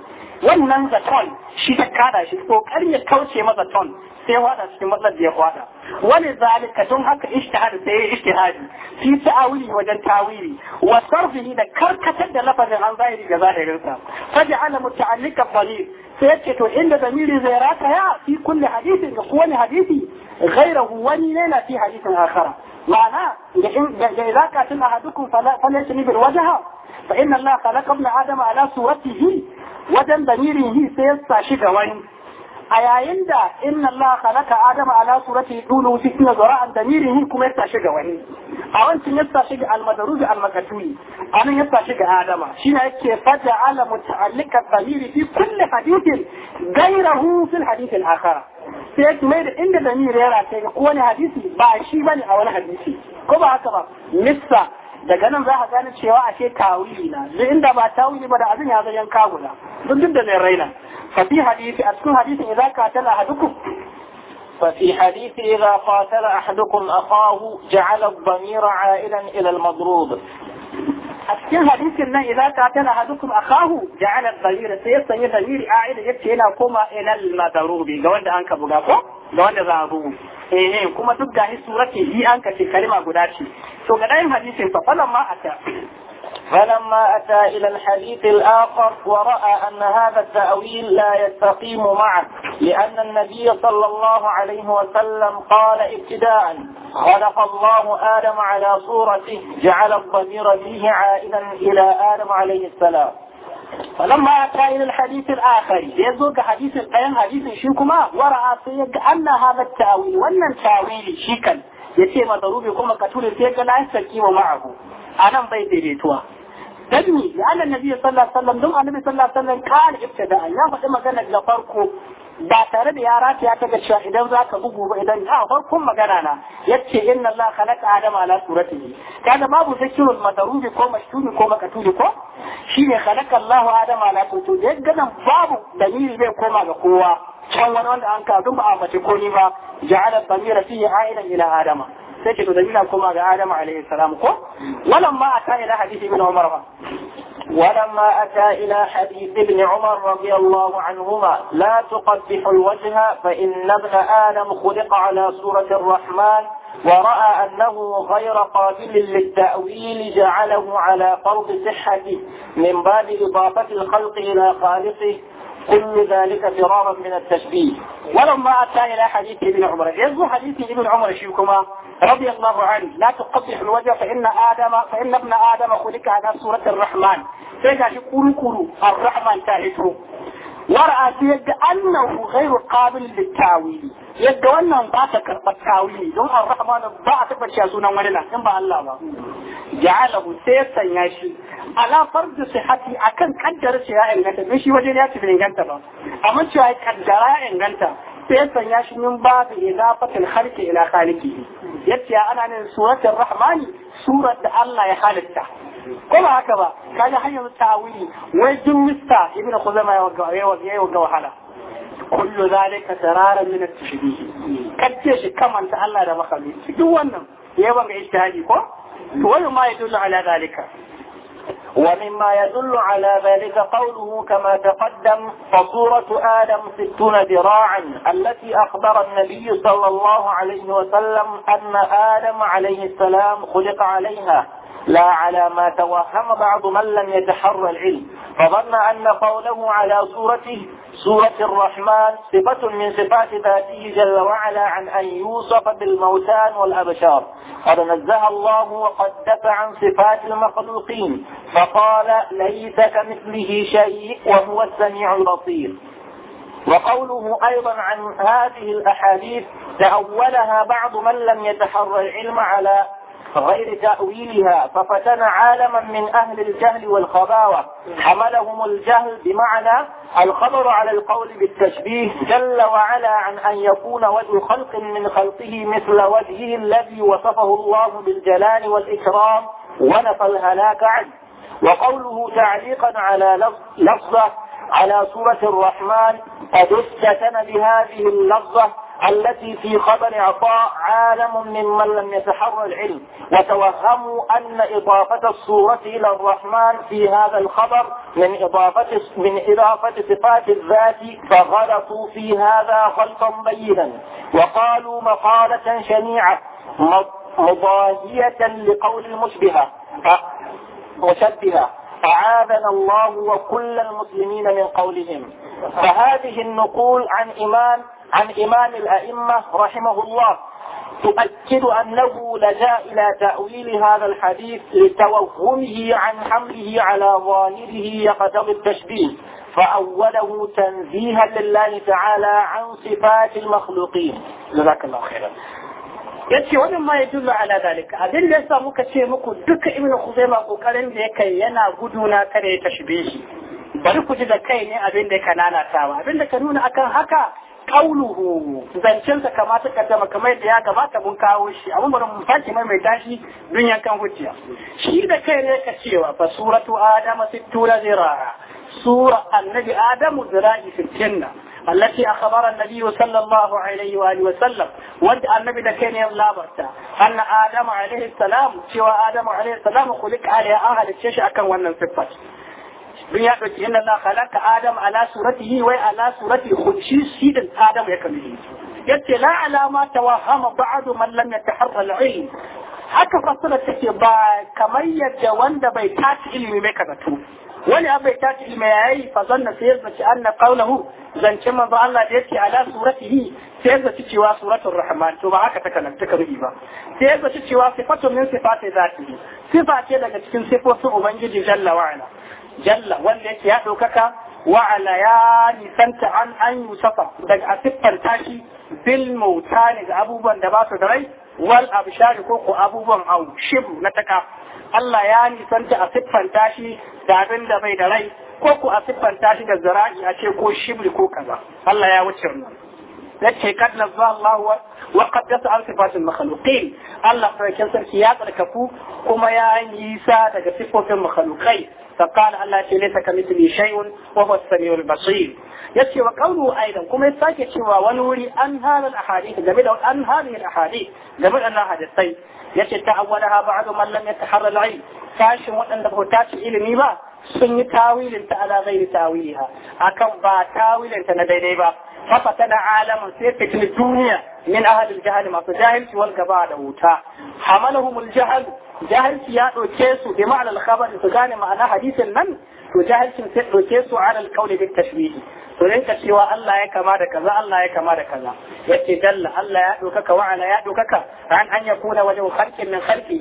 wannan zaton shi ta kada shi kokarin ya kauce masa ton sai wada shi matsar da ya wada wani zalika don haka ishtihad sai ya ishtihadi fi ta'awili wajen tawili wa sarfihi da karkatar da lafazin an zahiri ga zahirin sa faj'ala muta'allika qalil sai yake to inda zamiri zai raka ya fi kulli hadisin ga kowane hadisi ghairahu wani ne na fi hadisin akhara معناه إذا كانت أحدكم فلا wajha fa inna allaha khalaqa ibn adama ala صورته wajen damirin hi sai ya sashi ga wani a yayin da inna Allah khalaqa adama ala surati dulu fi zara an damirin hi kuma ya sashi ga wani a wancin ya sashi ga almadarubi almakatuli anan ya sashi ga adama shine yake fada ala muta'allika damiri fi kulli hadithin gairahu fil hadith al-akhar sai kuma da inda damiri ya rataye ga kowane hadisi ba shi bane a wani hadisi ko ba haka ba missa daga nan za ka gane cewa ashe tawili na duk inda ba tawili ba da abin ya zayan kagula duk duk da zai raina fa fi hadisi a cikin hadisi idza qatala ahadukum fa fi hadisi idza qatala ahadukum akahu ja'ala ad-damira 'ailan ila al-madrub a cikin hadisin nan idan ka tana hadukum akahu ja'ala dhamira sai ya sanya dhamiri a'ida yace yana koma ilal madarubi ga wanda an ka buga ko ga wanda za a bugu eh kuma duk gahi surati yi an ka ce kalima guda ce to ga ɗayan hadisin fa falan ma ata فلما أتى إلى الحديث الآخر ورأى أن هذا التأويل لا يستقيم معه لأن النبي صلى الله عليه وسلم قال ابتداء خلق الله آدم على صورته جعل الضمير فيه عائدا إلى آدم عليه السلام فلما أتى إلى الحديث الآخر يزوج حديث القيم حديث شيكما ورأى أن هذا التأويل وأن التأويل شيكا يتيم ضروبي كما قتول فيك لا يستقيم معه أنا بيت بيتوا دمي لأن النبي صلى الله عليه وسلم a النبي صلى الله عليه وسلم قال ابتداء يا فدما كان لفرقه ba tare da yara ya rataya ta ga idan za ka bugu ba idan a farkon magana na yace inna Allah khalaqa adam ala suratihi kaga babu zakirul madarubi ko mashtuni ko makatuli ko shine khalaqa Allah adam ala suratihi da yadda nan babu dalili zai koma ga kowa can wani wanda an ka ba a mace ko ni ba ja'ala dhamira fihi a'ilan ila adama تجد ki dalila kuma عليه السلام alaihi ولما أتى إلى حديث ابن عمر ولما أتى إلى حديث ابن عمر رضي الله عنهما لا تقبح الوجه فإن ابن آدم خلق على سورة الرحمن ورأى أنه غير قابل للتأويل جعله على فرض صحته من باب إضافة الخلق إلى خالقه كل ذلك فرارا من التشبيه ولما أتى إلى حديث ابن عمر يزو حديث ابن عمر شيكما رضي الله عنه لا تقبح الوجه فإن آدم فإن ابن آدم خلق على سورة الرحمن فإذا كورو كورو الرحمن تاهترو ورأى يد أنه غير قابل للتاويل يد أنه بات كرب التاويل دون الرحمن بات بشاسونا ولنا إنبا الله جعله سيسا ياشي على فرض صحتي أكن قدر شيئا إنغانتا مشي وجه ياتي في إنغانتا أما شو هاي قدر إنغانتا sai sanya shi min babu idafatul khalqi ila khaliqihi yace ana nan suratul rahmani surar da Allah ya halitta ko ba haka ba ka har hanyar tawili wai duk mista ibn khuzaima ya waga ya waga wahala kullu zalika tarara min at-tashbih kace shi kamanta Allah da makhluki duk wannan yayi banga ijtihadi ko to wai ma yadullu ala zalika ومما يدل على ذلك قوله كما تقدم فصورة آدم ستون ذراعا التي أخبر النبي صلى الله عليه وسلم أن آدم عليه السلام خلق عليها لا على ما توهم بعض من لم يتحرى العلم فظن أن قوله على صورته سورة الرحمن صفة من صفات ذاته جل وعلا عن أن يوصف بالموتان والأبشار قد نزه الله وقد دفع عن صفات المخلوقين فقال ليس كمثله شيء وهو السميع البصير وقوله أيضا عن هذه الأحاديث تأولها بعض من لم يتحرى العلم على غير تأويلها ففتن عالما من أهل الجهل والخباوة حملهم الجهل بمعنى الخبر على القول بالتشبيه جل وعلا عن أن يكون وجه خلق من خلقه مثل وجهه الذي وصفه الله بالجلال والإكرام ونفى الهلاك عنه وقوله تعليقا على لفظة على سورة الرحمن أدستنا بهذه اللفظة التي في خبر عطاء عالم ممن لم يتحرى العلم وتوهموا أن إضافة الصورة إلى الرحمن في هذا الخبر من إضافة من إضافة صفات الذات فغلطوا في هذا خلطا بينا وقالوا مقالة شنيعة مضاهية لقول المشبهة مشبهة أعاذنا الله وكل المسلمين من قولهم فهذه النقول عن إمام عن إمام الأئمة رحمه الله تؤكد أنه لجا إلى تأويل هذا الحديث لتوهمه عن حمله على ظاهره يقتضي التشبيه فأوله تنزيها لله تعالى عن صفات المخلوقين جزاك الله خيرا yace wannan ma ya dullu ala dalika abin da yasa muka ce muku duka ibn khuzaimah kokarin da yake yana guduna kare tashbihi bari ku ji da kai ne abin da ka nanatawa abin da ka nuna akan haka kauluhu zancensa kama ta kaddama kamar yadda ya gabata mun kawo shi abun bari mun sake mai mai tashi dun yankan hujja shi da kai ne ka cewa fa suratu adama sittuna zirara sura annabi adamu zira'i sittinna التي أخبر النبي صلى الله عليه وآله وسلم ود النبي لكن يلابرتا أن آدم عليه السلام سوى آدم عليه السلام خلق على أهل الشيش أكن ونن سفت دنيا إن الله خلق آدم على صورته وعلى صورته خشيش adamu ya kamili yace la alama tawahama ba'du man lam yataharra al-ilm haka fasara take ba kamar yadda wanda bai tashi ilimi mai karatu wani abai tashi ilimi yayi fa zanna sai yazza ci anna qawluhu zance ba Allah da yake ala suratihi sai yazza ci cewa suratul rahman to ba haka take nan take rubi ba sai yazza ci cewa sifatun min sifatai zati sifa ce daga cikin sifofin ubangiji jalla wa jalla wanda yake ya daukaka wa'ala ya nisanta an an yusafa daga asiffar tashi bil ne ga abubuwan da ba su da rai wal abshari ko ko abubuwan au shibru na taka Allah ya nisanta a siffanta shi da abin da bai da rai ko ko a siffanta shi da zara'i a ce ko shibri ko kaza Allah ya wuce nan yace kad nazza Allah wa qaddasa an sifatil makhluqin Allah sarkin sarki ya tsarkaku kuma ya yi sa daga sifofin makhluqai فقال الله شيء ليس كمثله شيء وهو السميع البصير يتي وقوله أيضا كما يتاكي تشوى ونوري أن هذا الأحاديث جميل أن هذه الأحاديث جميل أن هذا يتي تأولها بعض من لم يتحرى العلم كاش وأن له تاش إلمي ما سن تاويل على غير تاويلها أكم با تاويل أنت نديني با kafata da alamin sai fitni duniya min ahalin jahali masu jahilci wal gaba da wuta hamalahumul jahal jahilci ya doke su bi ma'al al su gane ma'ana hadisin nan to jahilcin sai doke su ala al-qawli bit tashbihi to ne ka Allah ya kama da kaza Allah ya kama da kaza yace dalla Allah ya doka ka wa'ala ya doka an an yakuna wajen kharqin nan kharqi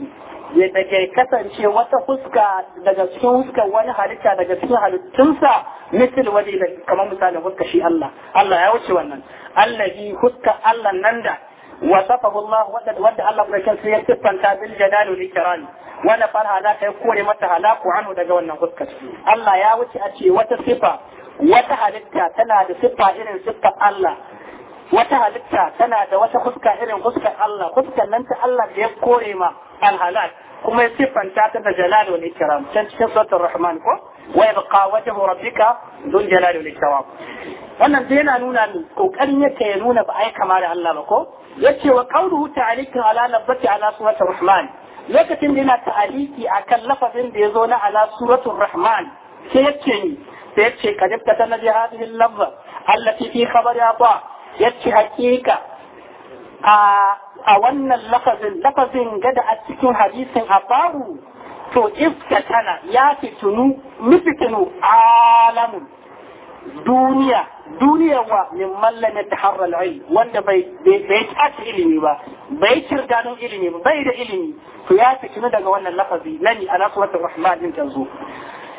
ya daga kasance wata fuska daga cikin fuskar wani halitta daga cikin halittunsa misal wani da kamar misalin fuska shi Allah Allah ya wuce wannan Allah yi fuska Allah nan da wasafahu Allah wanda Allah ya barkan sai ya siffanta bil jalali wal ikram wala far halaka ya kore mata halaku anu daga wannan fuskar Allah ya wuce a ce wata sifa wata halitta tana da siffa irin siffar Allah wata halitta tana da wata fuska irin fuskar Allah fuskar nan ta Allah da ya kore ma alhalal kuma ya siffanta ta da jalal wal ikram can cikin suratul rahman ko wa yabqa wajhu rabbika dhul jalal wal ikram wannan dai yana nuna ni kokarin yake ya nuna ba ai kama da Allah ba ko yace wa qawluhu ta'alika ala nabati ala suratul rahman lokacin da yana ta'aliki akan lafazin da yazo na ala suratul rahman sai yace ni sai yace kadibta tanaji hadhihi al-lafza allati fi khabari ata yace hakika a a wannan lafazin lafazin gada a cikin hadisin abaru to iska tana ya fitunu mifitinu alamun duniya duniya wa min mallame ta harral wanda bai bai tace ilimi ba bai kirganin ilimi ba bai da ilimi to ya fitinu daga wannan lafazi nani ana suwatar rahman din tanzo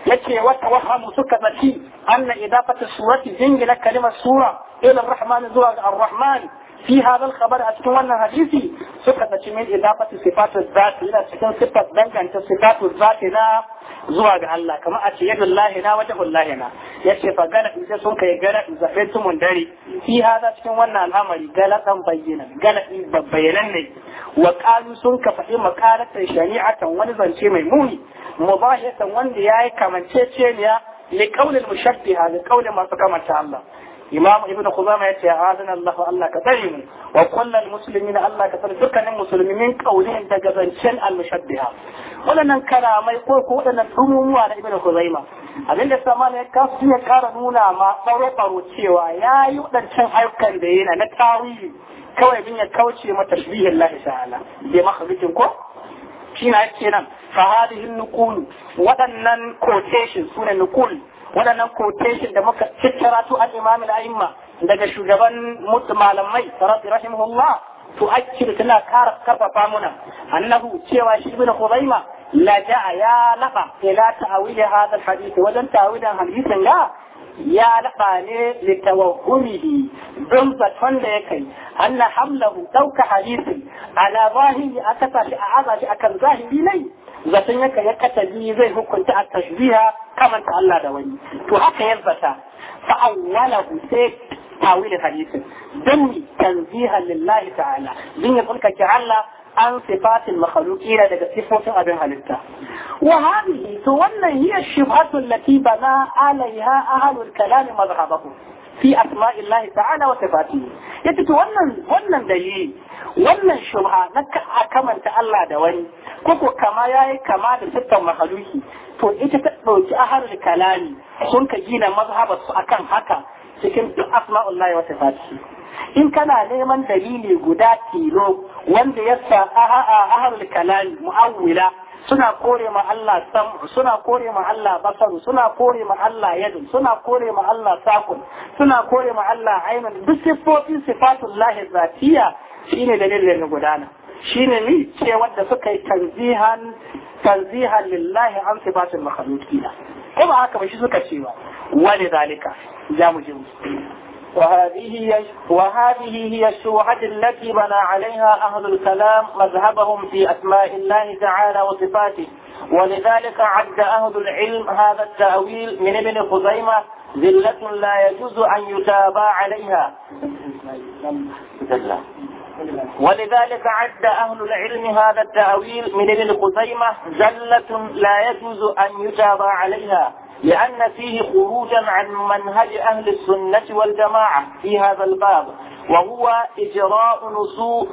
يكي وتوهم سكبتي أن إضافة السورة جنجل كلمة سورة إلى الرحمن زوى الرحمن في هذا الخبر أتكلم حديثي سكبتي من إضافة صفات الذات إلى سكن صفات بنك أنت صفات الذات لا زوى الله كما أتي يد الله لا وجه الله لا يكي فقالت إذا سنك يقالت إذا فيتم داري في هذا سكن الأمر قالت بينا قالت بينا وقالوا سنك فإما قالت شنيعة ونزل شيء ميموني mubahisan wanda yayi kamanceceniya li qaulil mushabbiha li qaulin masu kamanta Allah imam ibnu khuzaima yace azana Allah Allah ka tsare mu wa kullal muslimina Allah ka tsare dukkanin musulmi min qaulihin daga zancen al mushabbiha wadannan karamai ko ko wadannan tumumuwa na ibnu khuzaima abinda sama ya ka su ya kara nuna ma tsaro tsaro cewa yayi wadancan ayyukan da yana na tawili kawai bin ya kauce mata tashbihin Allah ta'ala bi makhluqin ko shine yake nan fa hadhihi waɗannan wadannan sune nukul waɗannan quotation da muka tattara tu al imam daga shugaban malamai rahimahullah to da tana kara karfafa muna annahu cewa shi ibn khuzaima la ja'a ya laba ila ta'wil hadha al hadith wajen ta'wilin hadisin ga يا لقاني لتوهمه بن فتن ليكي أن حمله توك حديثي على ظاهر أتفى في أعضى في أكل ظاهر لي ذاتنك يكتبي زي هو كنت أتشبيها كما تعالى دواني تحق يثبت فأوله سيك تاويل حديثي دمي تنزيها لله تعالى من يقولك جعل عن صفات المخلوق الى صفات ابي هلته وهذه تولى هي الشبهات التي بنى عليها اهل الكلام مذهبهم في اسماء الله تعالى وصفاته يتي تولى ولا دليل ولا شبهه نك كما تعالى دوني كوكو كما ياي كما صفات المخلوق تو انت اهل الكلام سنك جينا مذهب اكن هكا cikin duk asma'ullahi wa in kana neman dalili guda tilo wanda ya sa aharul kalami mu'awwila suna kore ma Allah sam'u suna kore ma Allah basar suna kore ma Allah yadun suna kore ma Allah sakun suna kore ma Allah ainun duk sifofin sifatullahi zatiya shine dalilin gudana shine ni ce wanda suka yi tanzihan tanzihan lillahi an sifatul makhluqina ko ba haka ba shi suka ce ba wani zalika za mu je mu وهذه هي وهذه هي الشروحات التي بنى عليها أهل الكلام مذهبهم في أسماء الله تعالى وصفاته ولذلك عد أهل العلم هذا التأويل من ابن خزيمة ذلة لا يجوز أن يتابى عليها ولذلك عد أهل العلم هذا التأويل من ابن خزيمة زلة لا يجوز أن يتابى عليها لأن فيه خروجا عن منهج أهل السنة والجماعة في هذا الباب وهو إجراء نصوص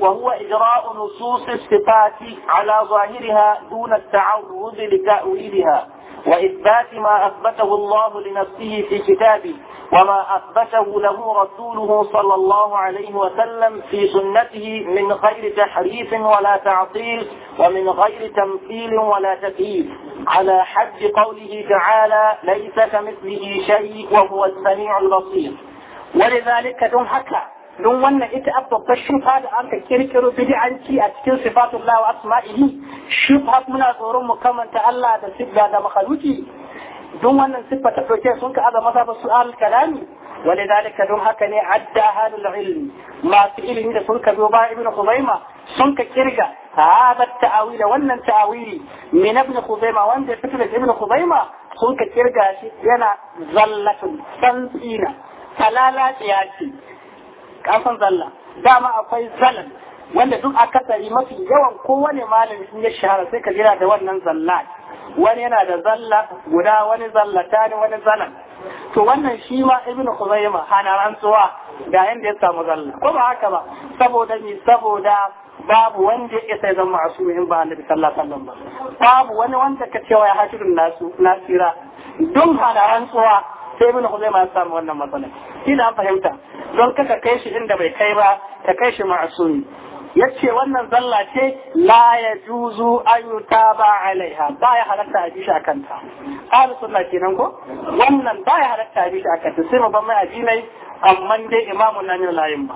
وهو إجراء نصوص الصفات على ظاهرها دون التعرض لتأويلها وإثبات ما أثبته الله لنفسه في كتابه وما أثبته له رسوله صلى الله عليه وسلم في سنته من غير تحريف ولا تعطيل ومن غير تمثيل ولا تكييف على حد قوله تعالى ليس كمثله شيء وهو السميع البصير ولذلك دون حكا دون وانا اتأب ببشن فاد انك كيركرو بدي انتي اتكين صفات الله واسمائه شبهة من الظروم مكمن تألا دا سبلا دا مخلوتي دون وانا سبة تفوتي سنك هذا مذهب السؤال الكلامي ولذلك دون حكا عدى أهل العلم ما سئله سنك بيوباء ابن خضيمه sun ka kirga hada ta'awila wannan ta'awili min ibn khuzaima wanda ya fito da ibn khuzaima sun ka kirga shi yana zallatun tsantsina talala ce kafin zalla dama akwai zalal, wanda duk akasari mafi yawan kowane malami sun ya shahara sai ka jira da wannan zalla wani yana da zalla guda wani zallata ne wani zalal. to wannan shi ma ibnu khuzaima hana rantsuwa ga yanda ya samu zalla ko ba haka ba saboda ni saboda babu wanda ya sai zama asumi in ba annabi sallallahu alaihi wasallam ba babu wani wanda ka cewa ya hajirun nasu nasira don hana rantsuwa sai ibnu khuzaima ya samu wannan matsalar ina fahimta don kaka kai shi inda bai kai ba ka kai shi ma'asumi yace wannan zalla ce la ya yajuzu an ba alaiha ya halatta a bishi akanta ahli sunna kenan ko wannan ba ya halatta a bishi kanta sai mu ban mai addinai amma dai imamu na ne layin ba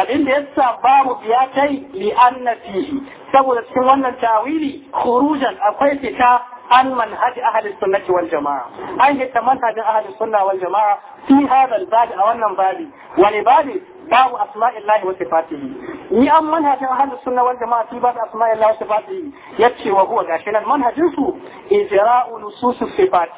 abin da yasa babu biya kai li anna fihi saboda cikin wannan tawili khurujan akwai fita عن منهج أهل السنة والجماعة أين هي منهج أهل السنة والجماعة في هذا البادي أو أنهم بادي ولبادي باب أسماء الله وصفاته يأم منهج أهل السنة والجماعة في باب أسماء الله وصفاته يبشي وهو عشان المنهج يسو إجراء نصوص الصفات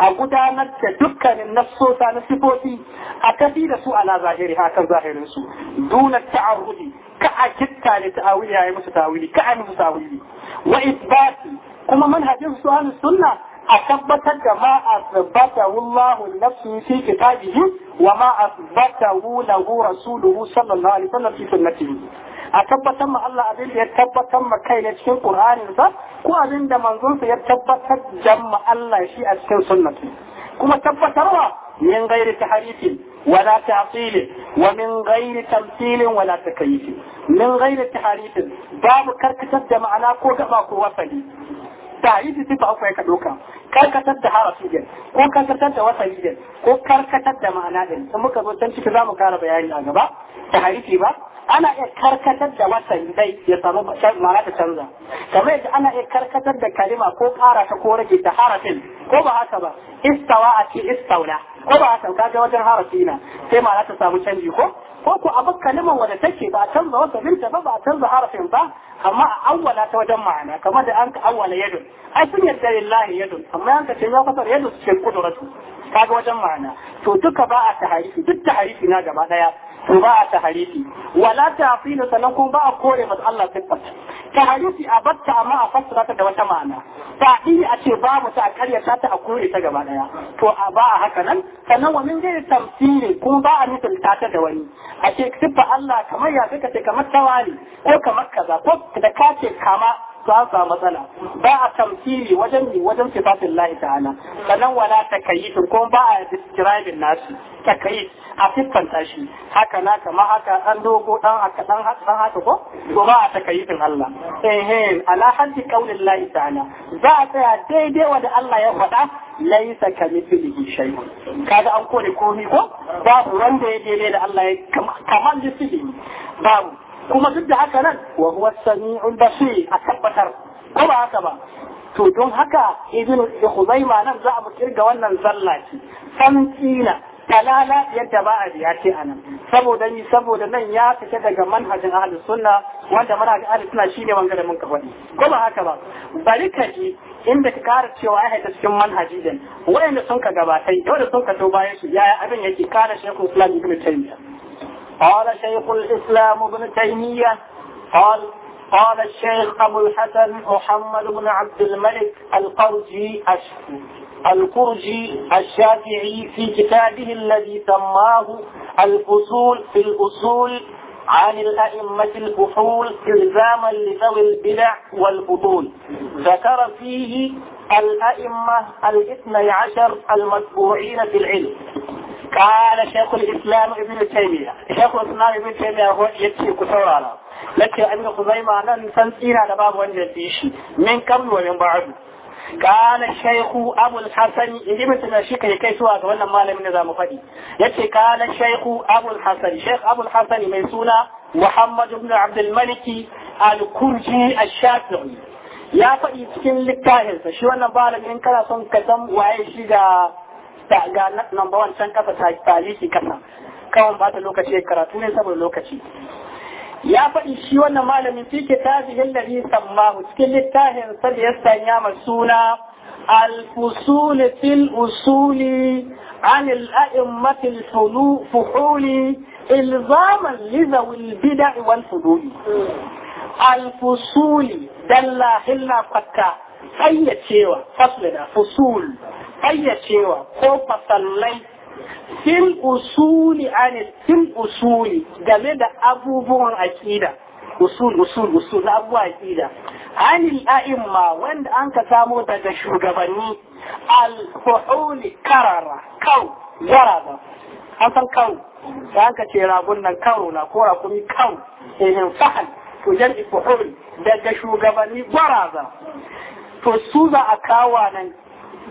أقول أن تدك النص عن صفاتي أكثير سوء على ظاهرها كظاهر نصو دون التعرض كأجدت لتأويلها المتتاويلي كأمي متتاويلي وإثبات kuma manhajin su ahlus sunna a tabbatar da ma asbata wallahu nafsi fi kitabihi wa ma asbata lahu rasuluhu sallallahu alaihi wasallam fi sunnatihi a tabbatar ma Allah abin da ya tabbatar ma kai ne cikin Qur'anin sa ko abin da manzon sa ya tabbatar da ma Allah shi a cikin sunnati kuma tabbatarwa min ghairi tahrifin ولا تعطيل ومن غير تمثيل ولا wala من غير تحريف باب كركتب karkatar كو ma'ana كو gaba ta'idi sifa akwai ka doka karkatar da harafi din ko karkatar da wasali din ko karkatar da ma'ana din in muka zo can ciki mu kara bayani a gaba ta harifi ba ana iya karkatar da wasali dai ya samu ma'ana ta canza kamar yadda ana iya karkatar da kalima ko kara ta ko rage ta harafin ko ba haka ba istawa a ce istaula ko ba haka ga wajen harafi na sai ma'ana ta samu canji ko ko ko abu kalimar wadda take ba canza wata binta ba ba canza harafin ba amma a awwala ta wajen ma'ana kamar da an ka awwala yadun ai sun yadda lillahi yadun amma an ka ce ya fasar yadun su ce kuduratu kaga wajen ma'ana to duka ba a taharifi duk taharifi na gaba daya to ba a taharifi wala ta'filu sannan kuma ba a kore mas Allah tabbata tarihi a batta amma a fassara ta da wata ma'ana ta'ili a ce babu ta karya ta ta a kore ta gaba daya to a ba a haka nan sannan wani zai gairi tamsiri kuma ba a nufin ta ta da wani a ce Allah kamar ya ce kamar tawali ko kamar kaza ko da kace kama ta matsala ba a tamfili wajen ne wajen sifatin lahi ta'ala sannan wala takayyifin ko ba a describing nasu takayyif a siffanta shi haka na kama haka an dogo dan haka dan haka dan haka ko to ba a takayyifin Allah eh eh ala haddi qaulin lahi ta'ala za a tsaya daidai wanda Allah ya faɗa laisa kamithlihi shay'un kaga an kore komi ko babu wanda ya daidai da Allah ya kamar da babu kuma duk da haka nan wa huwa sami'ul basir a tabbatar ko ba haka ba to don haka ibnu khuzaima nan za a mu kirga wannan sallah san tsantsina talala yadda ba a biya ce anan saboda ni saboda nan ya fita daga manhajin ahlus sunna wanda manhajin ahlus sunna shine wanga da mun ka faɗi ko ba haka ba bari ka ji inda ka kara cewa ya haita cikin manhaji din wanda sun ka gabatai da sun ka to bayan shi yaya abin yake kara shekul islam ibnu taymiyyah قال شيخ الإسلام ابن تيمية قال قال الشيخ أبو الحسن محمد بن عبد الملك القرجي القرجي الشافعي في كتابه الذي سماه الفصول في الأصول عن الأئمة الكحول إلزاما لذوي البدع والبطول ذكر فيه الأئمة الاثني عشر المتبوعين في العلم قال شيخ الإسلام ابن تيمية شيخ الإسلام ابن تيمية هو يتي كثورة لكي أبن خزيمة أنا سنسينا لباب وانجل فيشي من قبل ومن بعد قال الشيخ أبو الحسن إذا مثل شيخ يكي سواك وانا ما لم نظام فدي يتي قال الشيخ أبو الحسن شيخ أبو الحسن ميسونا محمد بن عبد الملك الكرجي الشافعي ya faɗi cikin littafinsa shi wannan malamin in kana son ka san waye shi ga ga number one can kasa tarihi kasa kawon ba ta lokaci karatu ne saboda lokaci ya faɗi shi wannan malamin fi kitabihin da sammahu cikin littafin sa da ya sanya ma suna al-fusul fil usuli an al-a'immat al-fuhuli ilzaman li zawil bid'i wal fuduli al-fusuli dalla hilla fakka ayyacewa faslida fusul ƙayyacewa ko fasallai sin usuli ne sin usuli game da abubuwan aqida usul usul usul na abubuwa aqida anil a'imma wanda an ka samo daga shugabanni al karara kau zaraba an san kau da an ka ce ragun nan kau na ko rakumi kau ehin fahal to jan fuhul daga shugabanni gwaraza to su za a kawo nan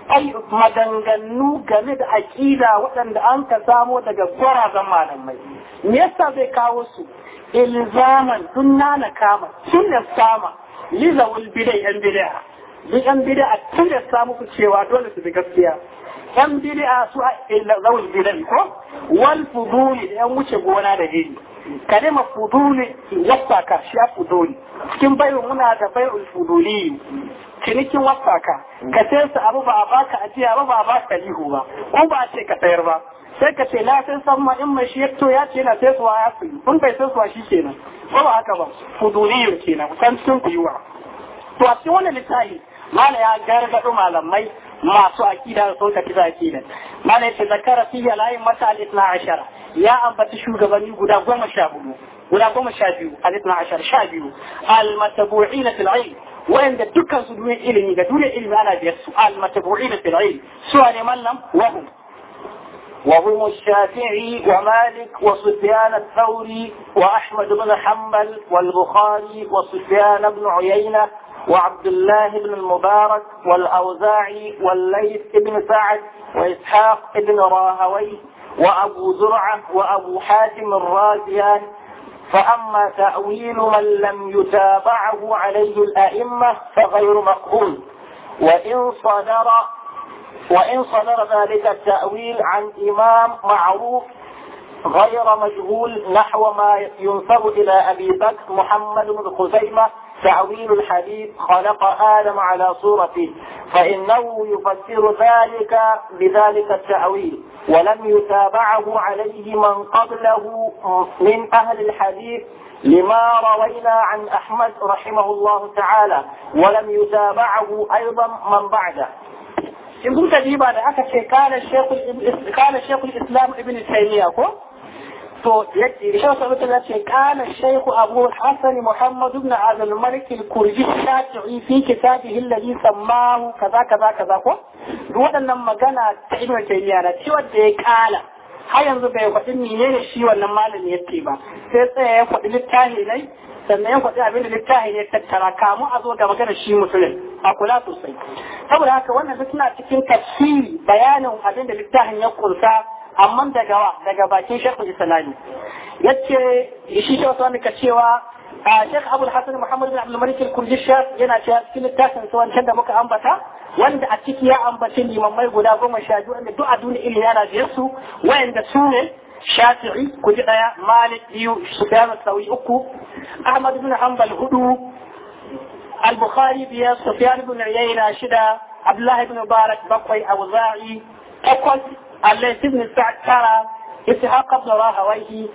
ai maganganu game da aƙida waɗanda an ka samo daga kwarazan malamai me yasa zai kawo su ilzaman tun nana kama tun da sama lizawul bidai yan bidai duk yan bid'a tun da samu ku cewa dole su bi gaskiya yan bidai su a lizawul bidai ko wal fuduli da yan wuce gona da kare ma fuduli wasa ka shi fuduli cikin bayu muna da bayul fuduli cinikin wasaka ka sayar su abu ba a baka ajiya ba ba a baka lihu ba ko ba a ce ka sayar ba sai ka ce la sai san ma in mai shi ya to ya ce na sai suwa ya su kun bai sai suwa shi kenan ko ba haka ba fuduliyar kenan kusan cikin kuyuwa to a cikin wannan littafi mala ya gargaɗo malamai masu akida sun ka kisa akida mala yace zakara fi layin mata al-itna ashara ya ambaci shugabanni guda goma sha hudu guda goma sha biyu al-itna ashara sha biyu al-matabu'ina fil ilm وين دكا سدوه إلمي دون إلمي أنا دي السؤال متبوعين في العلم سؤال يمنم وهم وهم الشافعي ومالك وسفيان الثوري وأحمد بن حنبل والبخاري وسفيان بن عيينة وعبد الله بن المبارك والأوزاعي والليث بن سعد وإسحاق بن راهويه وأبو زرعة وأبو حاتم الرازيان فأما تأويل من لم يتابعه عليه الأئمة فغير مقبول وإن صدر وإن صدر ذلك التأويل عن إمام معروف غير مجهول نحو ما ينسب إلى أبي بكر محمد بن خزيمة تعويل الحديث خلق آدم على صورته فإنه يفسر ذلك بذلك التعويل ولم يتابعه عليه من قبله من أهل الحديث لما روينا عن أحمد رحمه الله تعالى ولم يتابعه أيضا من بعده يقول تجيب على أكثر قال الشيخ الإسلام ابن shekul islam to yake shan sabitin ya ce kana shaikhu abu hasan muhammad ibn abdul malik al-kurji shafi'i fi kitabihi sammahu kaza kaza kaza ko duk waɗannan magana ta ibn taymiya na cewa da ya kala har yanzu bai kwaɗi menene shi wannan malami yake ba sai tsaya ya kwaɗi littafi ne sannan ya kwaɗi abin da littafi ne tattara kamu a zo ga magana shi musulun a kula sosai saboda haka wannan suna cikin tafsiri bayanin abin da littafin ya kunsa amma daga wa daga bakin shekul islami yace shi ta wasu ka cewa a shekh abul hasan muhammad bin abdul malik al-kurdi yana cewa cikin littafin sa wancan da muka ambata wanda a ciki ya ambaci limammai guda goma sha biyu wanda duk a duniya ilmi yana biyar su wayanda su ne shafi'i kuji daya malik biyu sufyan sauyi uku ahmad bin hanbal hudu al-bukhari biyar sufyan bin uyayna shida abdullahi bin mubarak bakwai auza'i takwas الليث بن سعد ترى إسحاق بن راهويه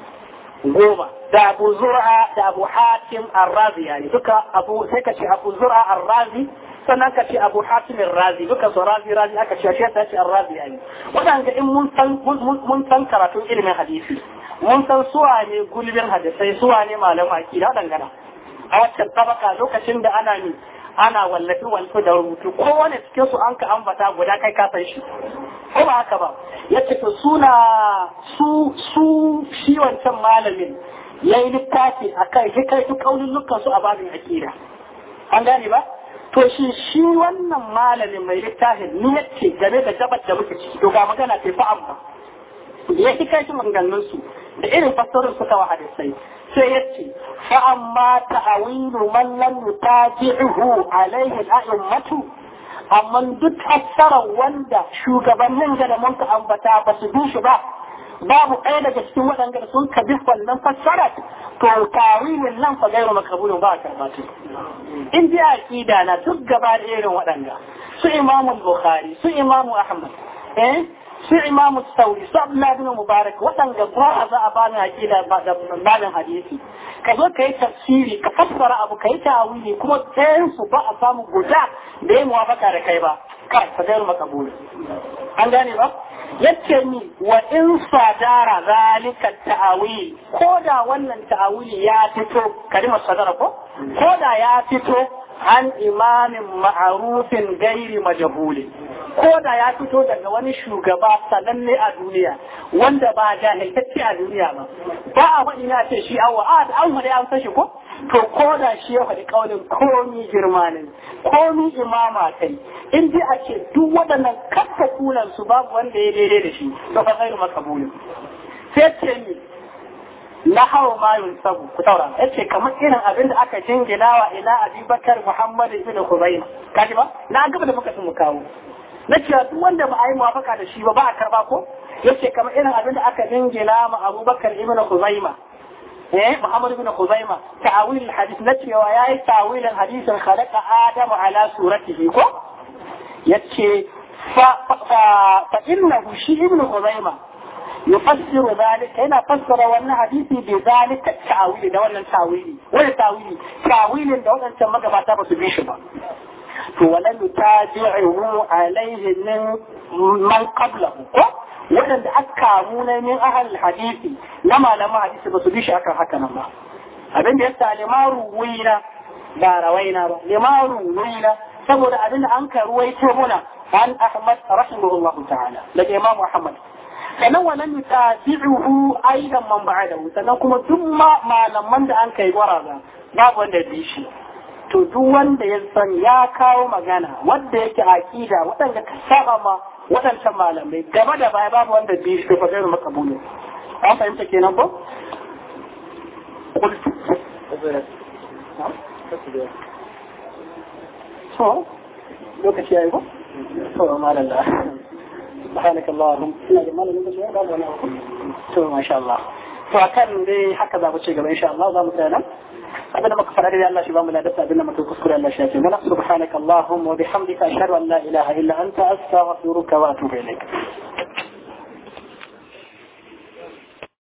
goma da abu zura da abu hatim arrazi yani duka abu sai ka ce abu zura arrazi sannan ka ce abu hatim arrazi duka so razi razi aka ce shi ta ce arrazi yani wadanda in mun san mun san karatun ilimin hadisi mun san suwa ne gulbin hadisai suwa ne malaman akida dangana a wacce tabaka lokacin da ana ni ana wallafi wallafi da rubutu ko wani cikin su an ka ambata guda kai ka san shi ko ba haka ba yace to suna su su shi wancan malamin yayi littafi akan hikaitu kaulin lukkan su a babin akida an gane ba to shi shi wannan malamin mai littafin ni yace game da jabar da muke ciki to ga magana sai amma ya hikaitu maganganun su da irin fassarar suka wa hadisai sai ya ce fa amma ta'awilu man lam yutajihu alaihi al-a'immatu amma duk fassarar wanda shugabannin da mun ka ambata ba su bi shi ba babu ɗaya daga cikin waɗanda sun ka bi wannan fassarar to tawilin nan fa gairu makabulun ba a karbatu in ji aqida na duk gaba da irin waɗanda su imamu bukhari su imamu ahmad eh shi imamu sauri su abdullahi bin mubarak waɗanda ba a za a bani aƙida ba da malin hadisi ka zo ka yi tafsiri ka fassara abu ka yi tawili kuma ɗayan ba a samu guda da ya muwafaka da kai ba ka fadar makabuli an gane ba yace ni wa in sadara zalika ta'awil ko da wannan ta'awili ya fito kalmar sadara ko ko da ya fito an imamin ma'arufin gairi majahuli ko da ya fito daga wani shugaba sananne a duniya wanda ba jahiltacce a duniya ba ba a faɗi na ce shi awa a ah, da an faɗi an sashi ko to ko da shi ya faɗi ƙaunin komi girma ne komi imama kai in ji a ce duk waɗannan kakka kulan su babu wanda ya daidai da shi to fa zai makabulin sai ce ni na hau ma sabu. ku taura yace kamar irin abin da aka wa ila abubakar muhammad ibn khuzaima kaji ba na gaba da muka mu kawo na cewa duk wanda ba a yi muwafaka da shi ba ba a karba ko yace kamar irin abin da aka jingina ma abubakar ibn khuzaima eh muhammad ibn khuzaima ta'awil hadith na cewa yayi ta'awilin hadisin khalaqa adam ala suratihi ko yace fa fa innahu shi ibn khuzaima يقصر ذلك هنا قصر وانا حديثي بذلك التعويل ده ولا التعويل ولا التعويل تعويل ده ولا انت ما جبتها بس بيشبا فولن يتابعه عليه من من قبله ولن تأكامون من اهل الحديث لما لما حديث بس بيش اكر حكا نما ابن بيسا لما روينا لا روينا لما روينا سبب ابن انكر ويتهمنا عن احمد رحمه الله تعالى لك امام احمد sannan wa lam yutabi'uhu aidan man ba'dahu sannan kuma duk malaman da an kai gwaraza babu wanda bi shi to duk wanda ya san ya kawo magana wanda yake aqida wadanda ka saba ma wadancan malamai gaba da baya babu wanda bi shi fa gairu makabulu an fahimta kenan ko qultu to lokaci yayi ko to malalla سبحانك اللهم ما شاء الله فكان لي حكى ذا بشيء إن شاء الله ضام سنة أبدا ما كفر أدري الله شبابنا دفع بنا ما تذكر الله شيء من سبحانك اللهم وبحمدك أشهد أن لا إله إلا أنت أستغفرك وأتوب إليك